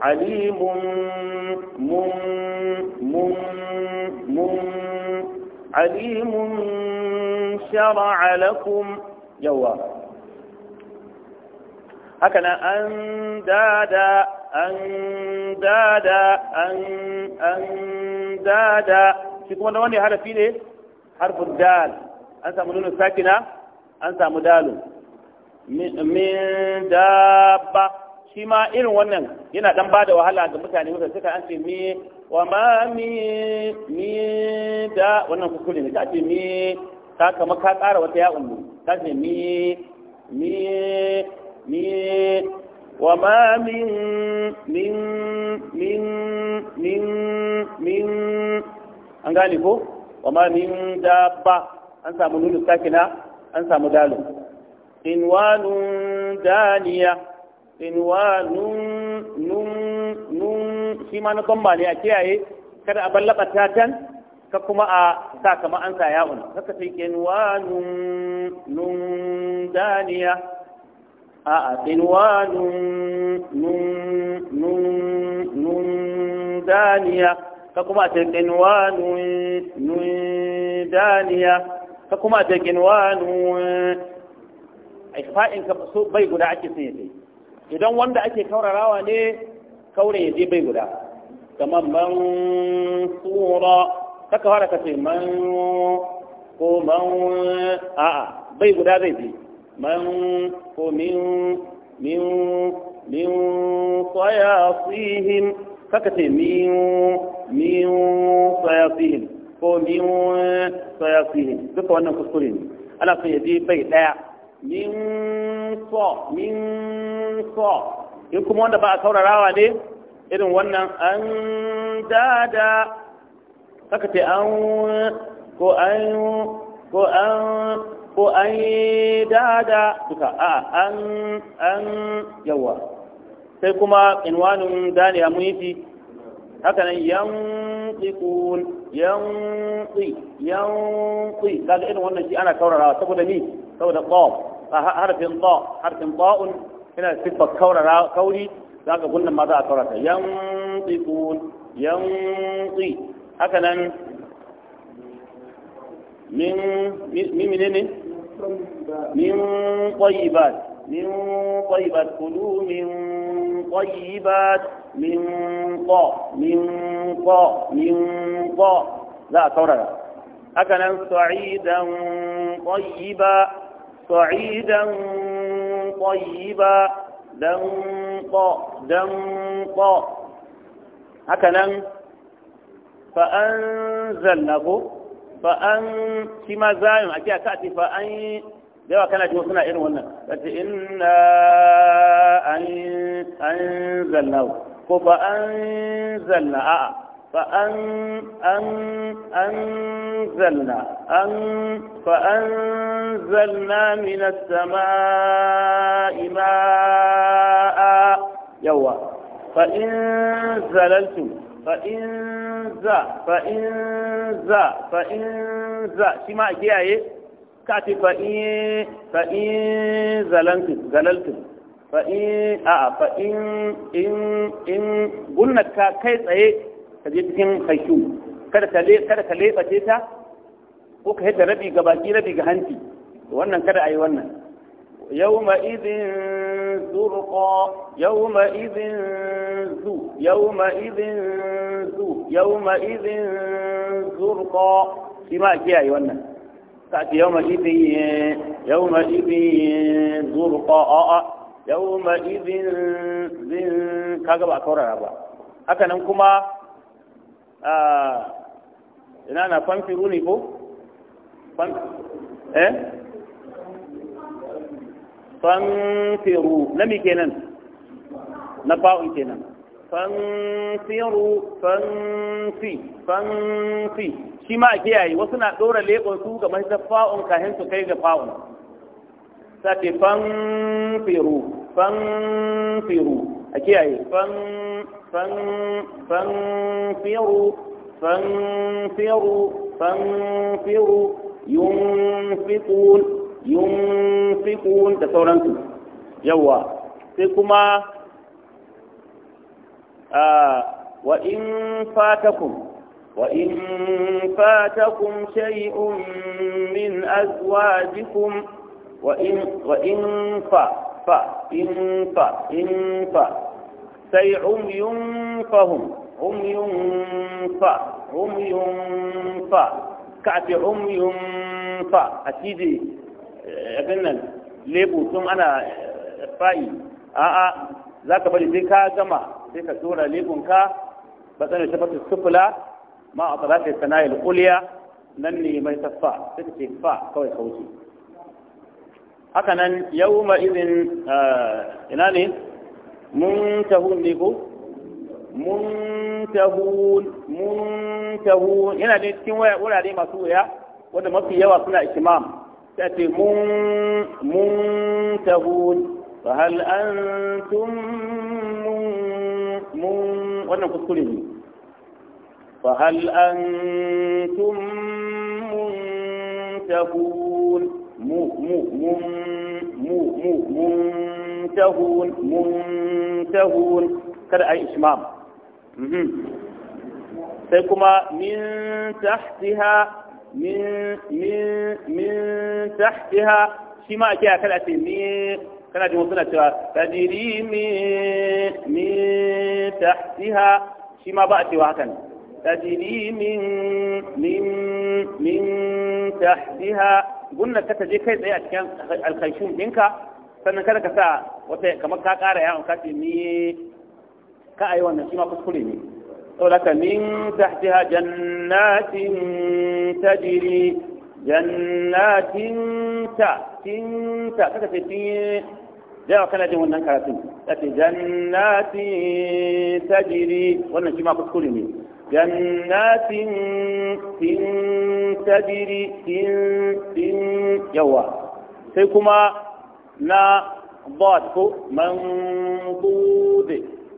alimun mun mun mun alimun شرع لكم يوا هكذا أندادا أندادا أندادا shi kuma na wani harafi ne harfin dal an samu nunin sakina an samu dalu min dabba shi ma irin wannan yana ɗan bada wahala ga mutane wanda suka an ce wa ma mi mi da wannan kuskure ne ka ce mi ta kama ka ƙara wata ya umu ta ce mi mi mi wa ma min min min min min an gane ko wa ma min ba an samu nunu sakina an samu dalu nun daniya wa nun nun nun, shi ma na ne a kiyaye kada a ballaba tatan ka kuma a sa kama an sa yawon haka sai kinwanun nun daniya a a kinwanun nun nun daniya ka kuma a kinwanun nun daniya ka kuma a a fa’in ka so bai guda ake sun ya idan wanda ake kaurarawa ne kaure ya je bai guda kamar mansura saka fara ka ce man ko man a'a bai guda zai bi man ko min min min sayasihim saka ce min min sayasihim ko min sayasihim duka wannan kuskure ne ana son ya bai daya min so min so in kuma wanda ba a saurarawa ne irin wannan an dada aka ce an ko an ko an ko an dada duka a an an yawa sai kuma inwanin dani a muniti haka nan yanqikun yanqi yanqi kaga irin wannan shi ana kaurarawa saboda ni saboda qaf harfin ta harfin ta'un yana siffa kaurara kauri zaka gunnan ma za a kaurata yanqikun yanqi haka nan min mine ne min ƙwayibat min ƙwayibat kulu min ƙwayibat min ƙo min ƙo min ƙo za a saurara haka nan sa'idan ƙwayiba sa'idan ƙwayiba dan ƙo dan ƙo haka nan fa'an zalla ko fa'an shi ma zayin ake a kati fa'an da yawa kana jiwa suna irin wannan kati inna an zalla ko fa'an zanna? a'a fa'an an an zalla an fa'an zalla min as-sama'i ma'a yawa fa'in zalaltum fa'in za fa'in za fa'in za shi ma a kiyaye ka ce fa'in fa'in zalantin fa'in a fa'in in in gunnar ka kai tsaye ka je cikin haishu kada ka kada ka ta ko ka hita rabi ga baki rabi ga hanci wannan kada a yi wannan yau ma izin زرقا يومئذ ذو يومئذ ذو يومئذ زرقا فيما كي أي ونا تأتي يومئذ يومئذ زرقا يومئذ ذن كذا بأكورا ربا هكذا نكما آه إننا فانفروني فو فانفروني eh fanfiru na mi kenan na fa'un kenan fanfiru fanfi fanfi shi ma a kiyaye wasu na ɗora leɓon su ga mahitar fa'un kahin kai ga fa'un sake fanfiru fanfiru a yunfiqun da sauransu yawwa sai kuma wa in fatakum wa in fatakum shay'un min azwajikum wa in wa in fa fa in fa in fa sai'un yunfahum hum yunfa um yunfa ka'ti um yunfa atidi abin nan lebu tun ana eh, fa'i a'a za ka bari sai ka gama sai ka tsora lebunka ba tsanin ta sufula ma a tsara sai sana'il uliya nan ne mai tafa sai ce fa kawai kauce haka nan yau ma izin eh, ina ne mun tahun ne ko mun muntahun yana da cikin wurare masu wuya wanda mafi yawa suna ikimam تأتي منتهون فهل أنتم من وأنا كسكره فهل أنتم منتهون منتهون منتهون كذا أي إشمام sai من تحتها min tahtiha shi ma ake kada ce mi kana jin suna cewa tajiri mi mi tahtiha shi ma ba a cewa hakan tajiri min min min tahtiha gunna ka taje kai tsaye a cikin alkhashun dinka sannan kada ka sa wata kamar ka kara yawon ka ce mi ka ayi wannan shi ma kuskure ne saboda min tahtiha jannatin tajri jannatin ta tin ta kaka ce tin da kana jin wannan karatun kace jannatin tajri wannan shi ma يوا سيكما نا ضاد منضود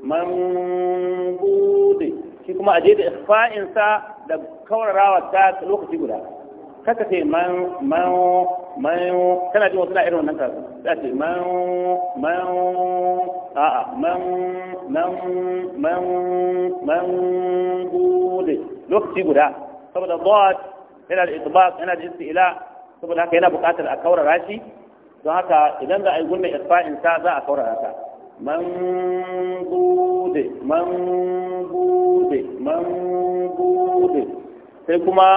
منضود shi kuma a je da ikfa'insa da kawararawa ta lokaci guda kaka ce man man man kana jin wasu na irin wannan kasu za ce man man a'a man man man man gude lokaci guda saboda dot yana da itibaq yana da istila saboda haka yana buƙatar a kaurara shi don haka idan za a yi gurmin ikfa'insa za a kaurara ta man gude man gude bude man bude sai kuma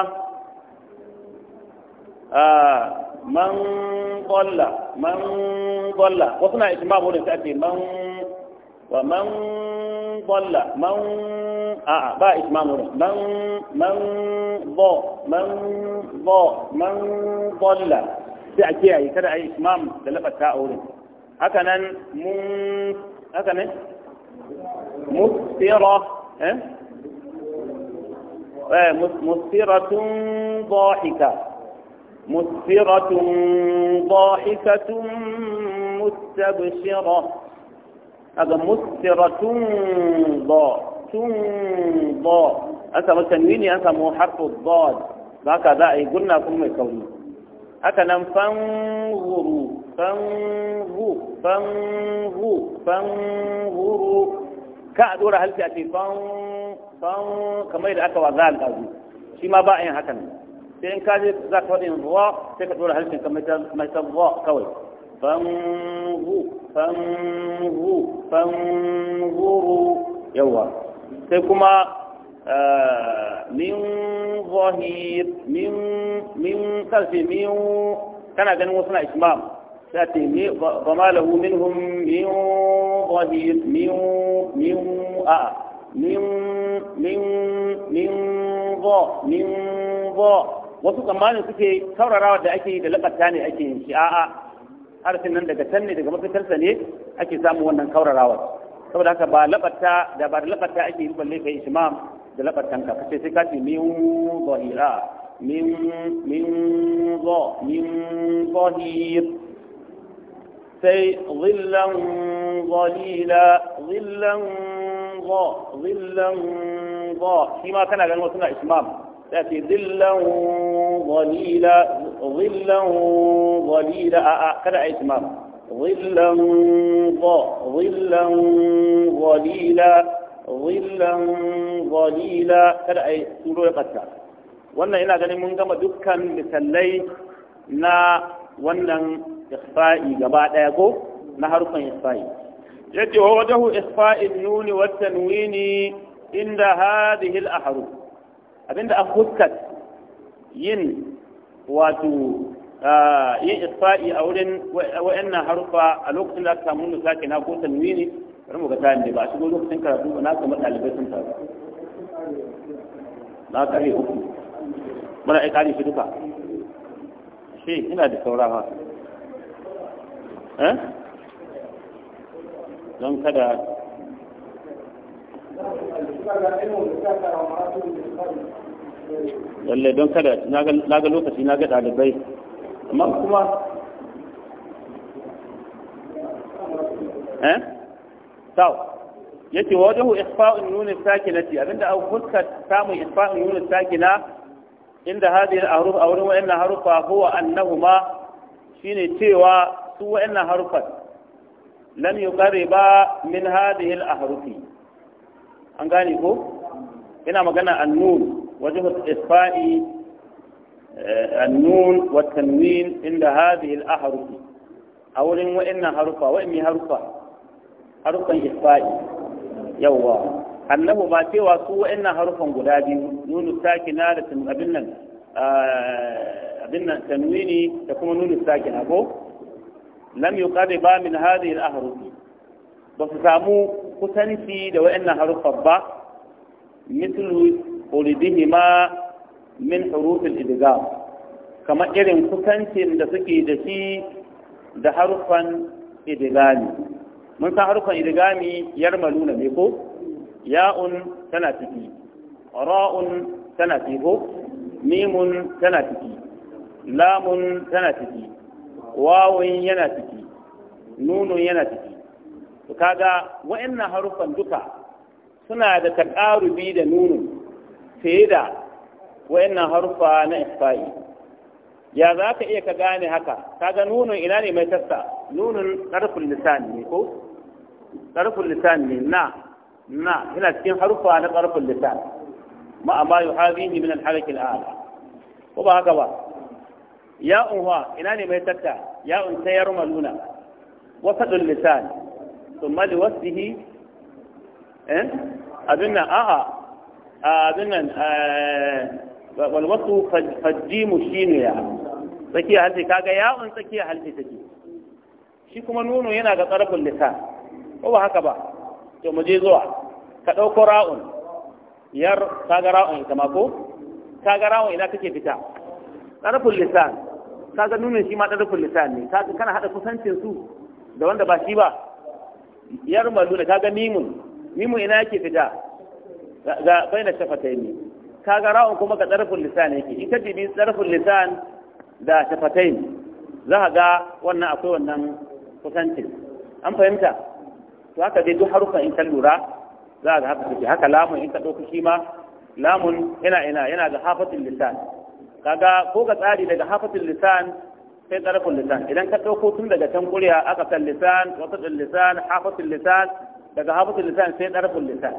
man ƙwalla man ƙwalla wasu na ishima bude sai ake man wa man ƙwalla man a'a ba ishima bude man man bo man bo man ƙwalla sai a kiyaye kada a yi ishimam da lafata a wurin haka nan mun haka ne mustira eh إيه، مسفرة ضاحكة مسفرة ضاحكة مستبشرة هذا مسفرة ضاء ضاء أسمى تنويني أسمى حرف الضاد هكذا إيه، قلنا كم كوني هكذا فانظروا فانظروا فانظروا فانظروا ka a dora halfi a ce ban kamar da aka waza alƙazu shi ma ba a yin hakan sai in kaji za ka faɗin ruwa sai ka dora halfin ka mai ta ruwa kawai fanhu fanhu fanhuru yawa sai kuma eh, min zahir min min kalfi min kana ganin wasu na ismam تأتي فما له منهم من ظهير من من آه من من من ظا من ظا wasu kamanin suke saurarawa da ake yi da lakata ne ake yin shi a'a harshen nan daga can ne daga mafitarsa ne ake samu wannan kaurarawa saboda haka ba lakata da ba da lakata ake yi balle kai imam da lakatan ka kace sai ka ce min zahira min min zo min zahir سي ظلا ظليلا ظلا ظا ظلا ظا فيما كان قال وسنا إسمام تأتي ظلا ظليلا ظلا ظليلا كذا إسمام ظلا ظا ظلا ظليلا ظلا ظليلا كذا أي سورة قتال wannan ina ganin من gama دكا misalai نا wannan ikhfa'i gaba daya ko na harfan ikhfa'i yace wa wajahu ikhfa'i nuni wa tanwini inda hadhihi al-ahruf abinda an huskat yin wato yin ikhfa'i a wurin wa'annan harfa a lokacin da aka samu nusaki na ko tanwini bari mu ga tayin da ba shigo lokacin karatu ba na kuma dalibai sun taru na kare uku muna aikari shi duka shi ina da saurawa Eh? don kada lalle don kada na ga lokaci na ga ɗalibai amma kuma eh tau yace wajahu ikhfa'un nun sakinati abinda an fuskar samun ikhfa'un nun sakina inda hadhihi al-ahruf aw wa'anna harufa huwa annahuma shine cewa سوى إن حرفت لن يقرب من هذه الأحرف أنغاني هو هنا مغنى النون وجه الإصفاء آه، النون والتنوين عند هذه الأحرف أولا وإن حرفة وإن حرفة حرفة إصفاء يوا أنه ما تيوى سوى إن حرفة قلابي نون الساكنة لتنوين آه، أبنى تنويني تكون نون الساكنة أبوه lam yuqariba min hadhihi al-ahruf ba su samu kusanci da wa'annan haruffan ba mithlu ulidihima min huruf al-idgham kamar irin kusancin da suke da shi da haruffan idghami mun san haruffan idghami yarmaluna ne ko ya'un tana ciki ra'un tana ciki ko mimun tana ciki lamun tana ciki wawun yana ciki nunun yana ciki to kaga wa'annan haruffan duka suna da taƙarubi da nunun fiye da wa'annan haruffa na isfa'i ya za ka iya ka gane haka kaga nunun ina ne mai tasta nunun ƙarfin lisan ne ko ƙarfin lisan ne na na yana cikin haruffa na ƙarfin lisan ma amma yuhazihi min al-halaqi al-a'la ko ba haka ba ya unwa ina ne mai tatta ya un ta yar maluna wasadul lisan thumma li wasfihi eh abin nan a'a abin nan eh, wal wasu shi ne ya tsakiya halti kaga ya un tsakiya halti take shi kuma nuno yana ga tsarafin lisan ko ba haka ba to mu je zuwa ka ɗauko ra'un yar kaga ra'un ita ma ko kaga ra'un ina kake fita tsarafin lisan kaga nunin shi ma rufin lisan ne kaga kana haɗa kusancin su da wanda ba shi ba yar maluna kaga mimun mimun ina yake fita ga baina shafataini kaga ra'un kuma ga ɗarfin lisan yake in ka dibi ɗarfin lisan da shafataini za ka ga wannan akwai wannan kusancin an fahimta to haka dai duk harukan in ka lura za ka ga haka haka lamun in ka ɗauki shi ma lamun yana ina yana ga hafatin lisan kaga ko ka tsari daga hafatul lisan sai tarafin lisan idan ka ɗauko tun daga can kuriya aka san lisan wasatul lisan hafatul lisan daga hafatul lisan sai tarafin lisan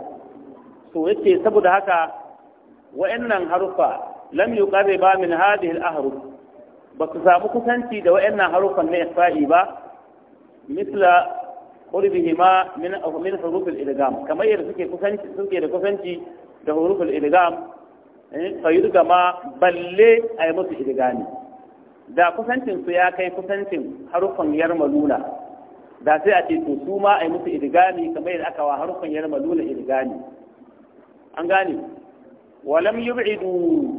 to yace saboda haka wa'annan harufa lam yuqarriba min hadhihi al-ahruf ba su samu kusanci da wa'annan harufan na isfa'i ba misla qurbihima min min huruf al-idgham kamar yadda suke kusanci suke da kusanci da huruf al-idgham duka eh, gama balle a yi musu idigami da kusancinsu ya kai kusancin harufan yarmaluna da sai a ce to su ma a yi musu idigami kamar yadda aka wa harufan yarmaluna idigami an gane walam yub'idu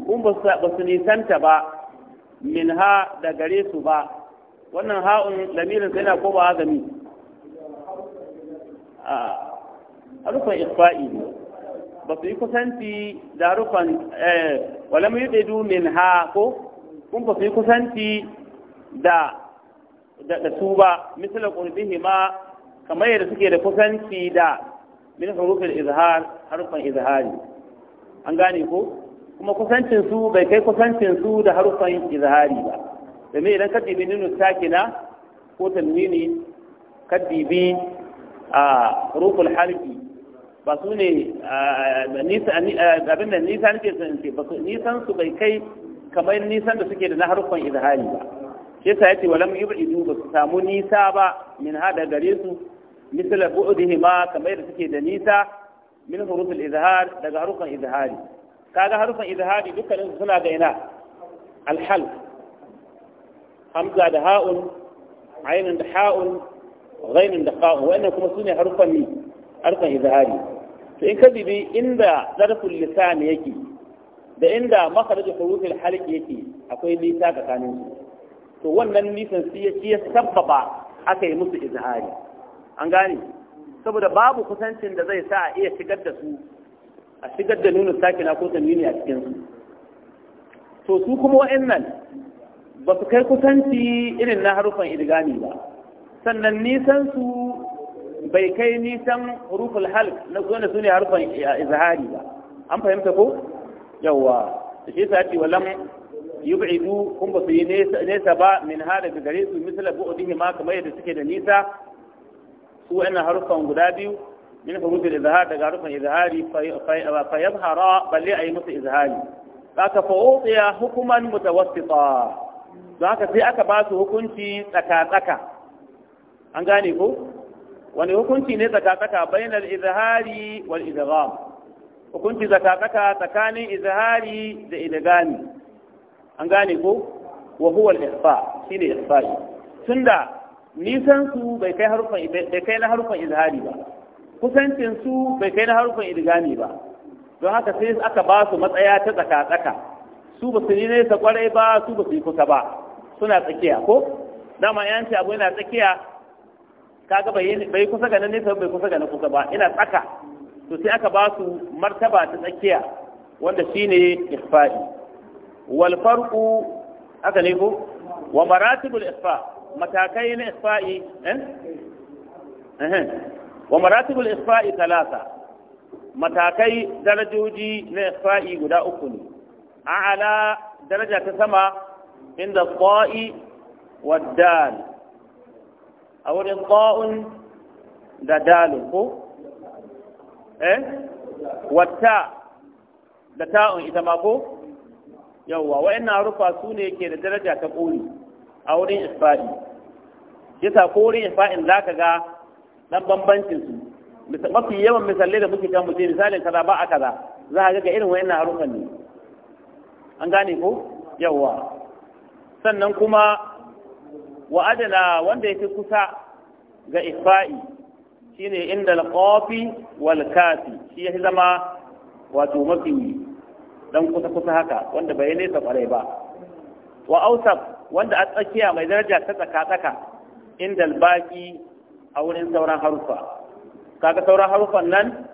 kun ba su nisanta ba min ha da gare su ba wannan ha'un lamirin sai na komawa gami a ah, harufan ikfa'i ne ba su yi kusanci da rufan eh, walam yi ɗaidu min ha ko kun ba su yi kusanci da da su ba misali ƙurbihi ma kamar yadda suke da kusanci da min hurufin izhar harufan izhari an gane ko kuma kusancin su bai kai kusancin su da harufan izhari ba domin idan ka nuna nunu sakina ko tanwini ka dibi a ah, rufin harfi ba su ne abin da nisa nake zance ba nisan su bai kai kamar nisan da suke da na harkon izhari ba shi sa yace walam yubidu ba su samu nisa ba min hada gare su misala bu'dihi ma kamar da suke da nisa min huruful izhar daga harkon izhari kaga harkon izhari dukkanin suna ga ina alhal hamza da ha'un ainun da ha'un ghainun da qa'un wannan kuma sune harkon ni harkan izhari to in ka bibi inda zarful lisan yake da inda makharajul hurufil halq yake akwai nisa tsakanin su to wannan nisan su ya sababa aka yi musu izhari an gane saboda babu kusancin da zai sa a iya shigar da su a shigar da nuna sakina ko tanwini a cikin su to su kuma wa'annan ba su kai kusanci irin na harufan idgami ba sannan nisan su bai kai nisan huruful halq na kuma su ne harfan izhari ba an fahimta ko yawa shi yasa ce walam yub'idu kun ba su yi nesa ba min hada daga gare su misala bu'dihi ma kamar yadda suke da nisa su wannan harfan guda biyu min huruful izhar daga harfan izhari fa yadhhara balle ayi musu izhari ka fa utiya hukuman mutawassita don haka sai aka ba su hukunci tsaka-tsaka an gane ko wani hukunci ne tsakakata bainal izhari wal idgham hukunci tsakakata tsakanin izhari da idgami an gane ko wa huwa al ihfa shine ihfa tunda nisan su bai kai harufan bai kai na harufan izhari ba kusancin su bai kai na harufan idgami ba don haka sai aka ba su matsaya ta tsaka su ba su yi nesa kwarai ba su ba su yi kusa ba suna tsakiya ko dama yanci abu yana tsakiya kaga bai bai kusa ga na nesa bai kusa ga na kusa ba ina tsaka to sai aka ba su martaba ta tsakiya wanda shine ikhfa'i wal farqu aka ne ko wa maratibul ikhfa matakai na ikhfa'i eh wa maratibul ikhfa'i talata matakai darajoji na ikhfa'i guda uku ne a'ala daraja ta sama inda sa'i wa dal a wurin ƙa'un da dalin ko? eh wata da ta'un ita ma ko? yawwa wa'annan rufa su ne ke da daraja ta ƙori a wurin isfa'i yasa ko wurin za ka ga ɗan bambancin su mafi yawan misalai da muke kan muje misalin kaza ba a kaza za a ga irin wa'annan rufa ne an gane ko yawwa sannan kuma wa adala wanda yake kusa ga ifa'i shine inda al-qafi wal kafi shi yake zama wato mafi dan kusa kusa haka wanda bai nesa kwarai ba wa ausab wanda a tsakiya mai daraja ta tsaka tsaka inda al-baqi a wurin sauran harufa kaga sauran harufan nan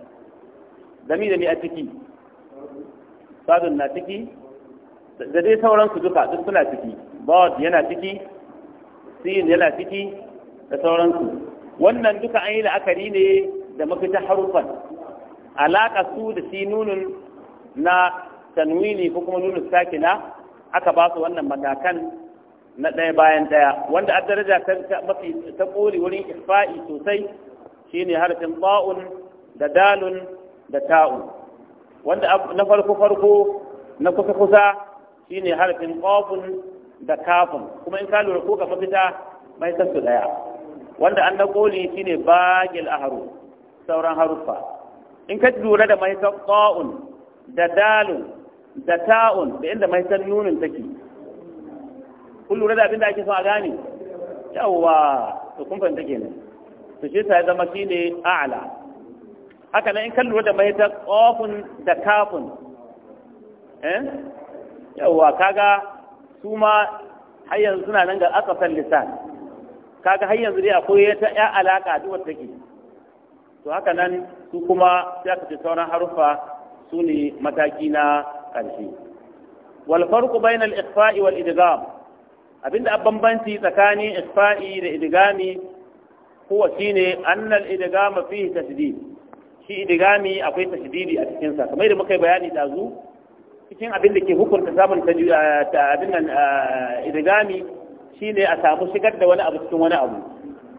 dami da mi a ciki sadun na ciki da dai su duka duk suna ciki bod yana ciki sin yana ciki da sauransu wannan duka an yi la'akari ne da mafita harufan alaƙa su da shi nunin na tanwini ko kuma nunin sakina aka ba su wannan matakan na ɗaya bayan ɗaya wanda a daraja ta mafi ta ƙoli wurin isfa'i sosai shine harafin ba'un da dalun da ta'un wanda na farko farko na kusa kusa shine harafin qafun da kafin kuma in ka lura ko ka fita mai kasu daya wanda an na koli shine bagil aharu sauran haruffa in ka lura da mai ta'un da dalun da ta'un da inda mai san nunin take kun lura da abin da ake so a gane yawwa to kun fahimta kenan to shi sai zama shine a'la haka nan in ka lura da mai ta'un da kafin eh yawwa kaga su ma har yanzu suna nan ga akasar lisan kaga har yanzu dai akwai ta ya alaka duk wata take to haka nan su kuma sai aka ce sauran harufa su ne mataki na ƙarshe wal farqu bainal ikhfa'i wal idgham abinda a bambanci tsakanin ikhfa'i da idgami huwa shine annal idgama fihi tashdid shi idgami akwai tashdidi a cikin sa kamar da muka yi bayani dazu cikin abin da ke hukunta samun abin nan idigami shine a samu shigar da wani abu cikin wani abu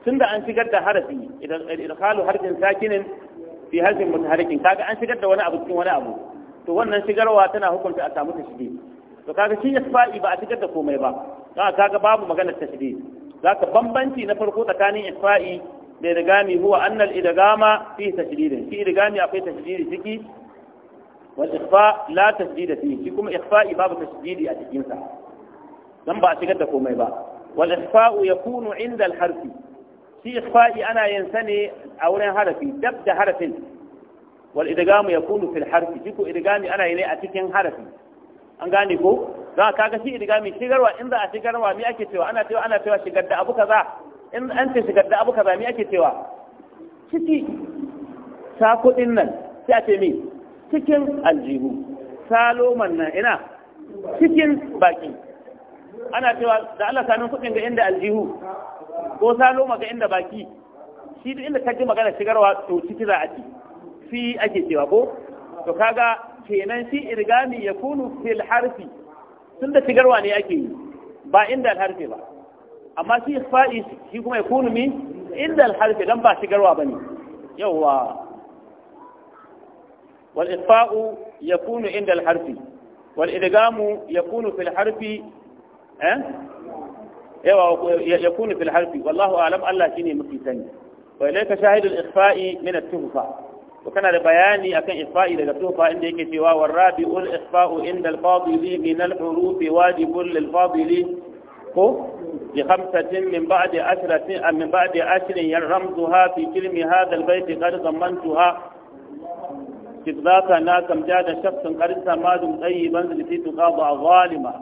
tun da an shigar da harafi idkhalu harfin sakinin fi harfin mutaharikin kaga an shigar da wani abu cikin wani abu to wannan shigarwa tana hukunta a samu tashdi to kaga shi isfa'i ba a shigar da komai ba kaga kaga babu maganar tashdi zaka bambanci na farko tsakanin isfa'i da idgami huwa annal idgama fi tashdidin fi idgami akwai tashdidi ciki wal ikhfa la tasdida fi shi kuma ikhfa'i babu tasdidi a cikin sa ba a shigar da komai ba wal ikhfa'u yakunu inda al harfi shi ikhfa'i ana yin sa a wurin harafi dab da harafin wal idgamu yakunu fil harfi shi ko idgami ana yi a cikin harafi an gane ko za ka ga shi idgami shigarwa in za a shigarwa me ake cewa ana cewa ana shigar da abu kaza in shigar da abu kaza ciki nan sai cikin aljihu saloman na ina cikin baki ana cewa da Allah sanin kuɗin ga inda aljihu ko saloma ga inda baki shi duk inda kaji magana shigarwa to ciki za a ci fi ake cewa ko to kaga kenan shi irgami ya kunu fil harfi tun da shigarwa ne ake yi ba inda alharfi ba amma shi fa'i shi kuma ya kunu min inda alharfi dan ba shigarwa bane yawwa والإطفاء يكون عند الحرف والإدغام يكون في الحرف أه؟ يكون في الحرف والله أعلم الله شيني مكي وإليك شاهد الإخفاء من التوفى وكان لبياني أكن إخفاء إلى التوفى عندك سوى والرابع الإخفاء عند الفاضل من الحروف واجب للفاضل بخمسة من بعد عشرة من بعد عشر رمزها في كلمة هذا البيت قد ضمنتها استبذاك ناكم جاد شخص قد سماد طيبا التي تقاضى ظالما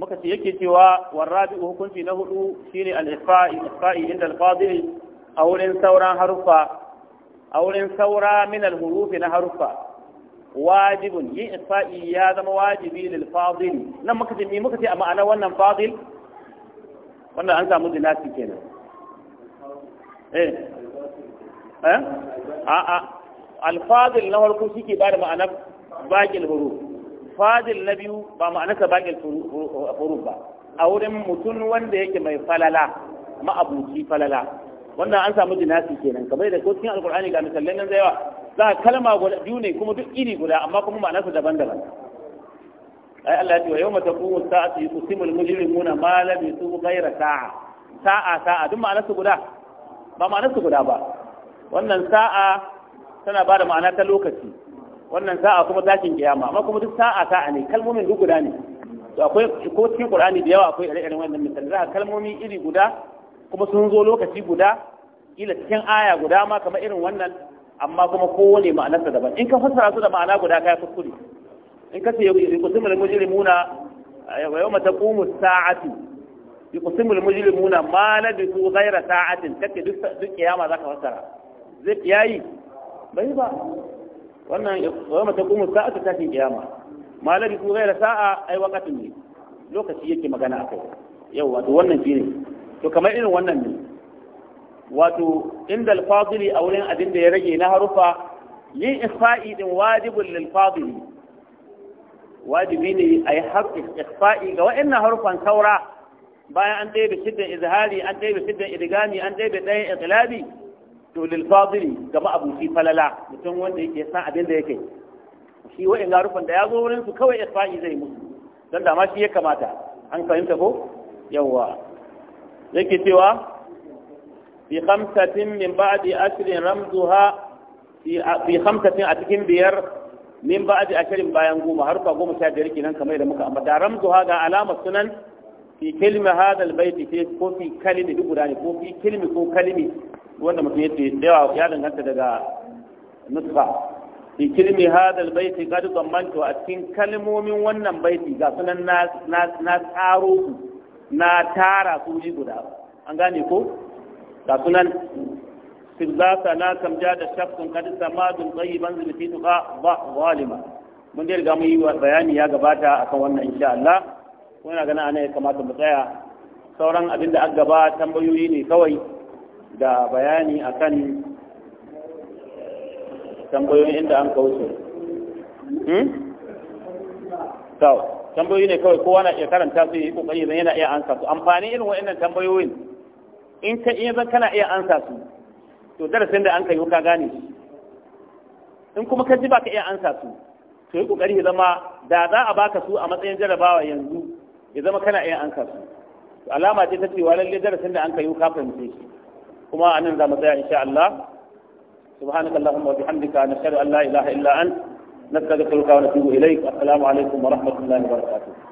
muka ce yake cewa warrabi hukunci na hudu shine al-ifa'i ifa'i inda al-qadi a wurin sauran harufa a wurin saura min al-hurufi na harufa wajibun yin ifa'i ya zama wajibi lil fadil nan muka ce muka ce a ma'ana wannan fadil wannan an samu dinasi kenan eh eh a a alfazil na farko shi ke bada ma'anar bakin huru fazil na biyu ba ma'anarsa bakin huru ba a wurin mutum wanda yake mai falala ma'abuci falala wannan an samu jinasi kenan kamar da ko cikin alkur'ani ga misalai nan zaiwa za a kalma guda biyu ne kuma duk iri guda amma kuma ma'anarsa daban-daban ai Allah ya ce wa yau mata yawma taqumu sa'atu yusimul mujrimuna ma lam yusibu ghayra sa'a sa'a sa'a duk ma'anarsa guda ba ma'anarsa guda ba wannan sa'a tana ba da ma'ana ta lokaci wannan sa'a kuma tashin kiyama amma kuma duk sa'a sa'a ne kalmomin duk guda ne to akwai ko cikin qur'ani da yawa akwai ire-iren wannan misali za kalmomi iri guda kuma sun zo lokaci guda kila cikin aya guda ma kamar irin wannan amma kuma kowane ma'anarsa daban in ka fassara su da ma'ana guda kai kuskure in ka ce yuqsimul mujrimuna wa yawma taqumu as-sa'atu da mujrimuna ma labithu ghayra sa'atin kake duk duk za ka fassara zai yayi bai ba wannan wa mata kuma sa'a ta tafi kiyama malari ku gaira sa'a ai wakatin ne lokaci yake magana akai yau wato wannan shine to kamar irin wannan ne wato inda alfadili a wurin abin da ya rage na harufa yin isfa'i din wajibul lil fadili wajibi ne a yi isfa'i ga wa'annan harufan saura bayan an ɗebe shiddan izhari an ɗebe shiddan idgami an ɗebe ɗayan iqlabi to lil fadili ga ma'abuci falala mutum wanda yake san abin da yake shi wa'in garufan da ya zo wurin su kawai isfa'i zai musu don da ma shi ya kamata an fahimta ko yawwa yake cewa fi khamsatin min ba'di ashrin ramzuha fi khamsatin a cikin biyar min ba'di ashrin bayan goma har harfa goma sha biyar nan kamar da muka ambata ramzuha ga alamar sunan fi kalmi hadal baiti ko fi kalmi duk guda ne ko fi kalmi ko kalimi. wanda mutum yake da yawa ya danganta daga nutfa fi kilmi hadal baiti qad dammantu a cikin kalmomin wannan baiti ga sunan na na tsaro na tara su ji guda an gane ko ga sunan sibzata na kamja da shakkun zai samadun tayyiban zulfi tuka ba zalima mun dai riga mun yi bayani ya gabata akan wannan insha Allah yana ganin ana ya kamata mu tsaya sauran abin da aka gaba tambayoyi ne kawai da bayani akan tambayoyin inda an kauce sau hmm? tambayoyi ne kawai kowa na iya karanta su yi kokari zan yana iya ansa su amfani irin waɗannan tambayoyin in ka iya zan kana iya ansa su to darasin da an kai ka gane in kuma ka ji baka iya ansa su to yi kokari ya zama da za a baka su a matsayin jarabawa yanzu ya zama kana iya ansa su alama ce ta cewa lalle darasin da an kai ka fahimce shi kuma anan za mu tsaya insha Allah سبحانك اللهم وبحمدك نشهد ان لا اله الا انت نتذكرك ونتوب اليك السلام عليكم ورحمه الله وبركاته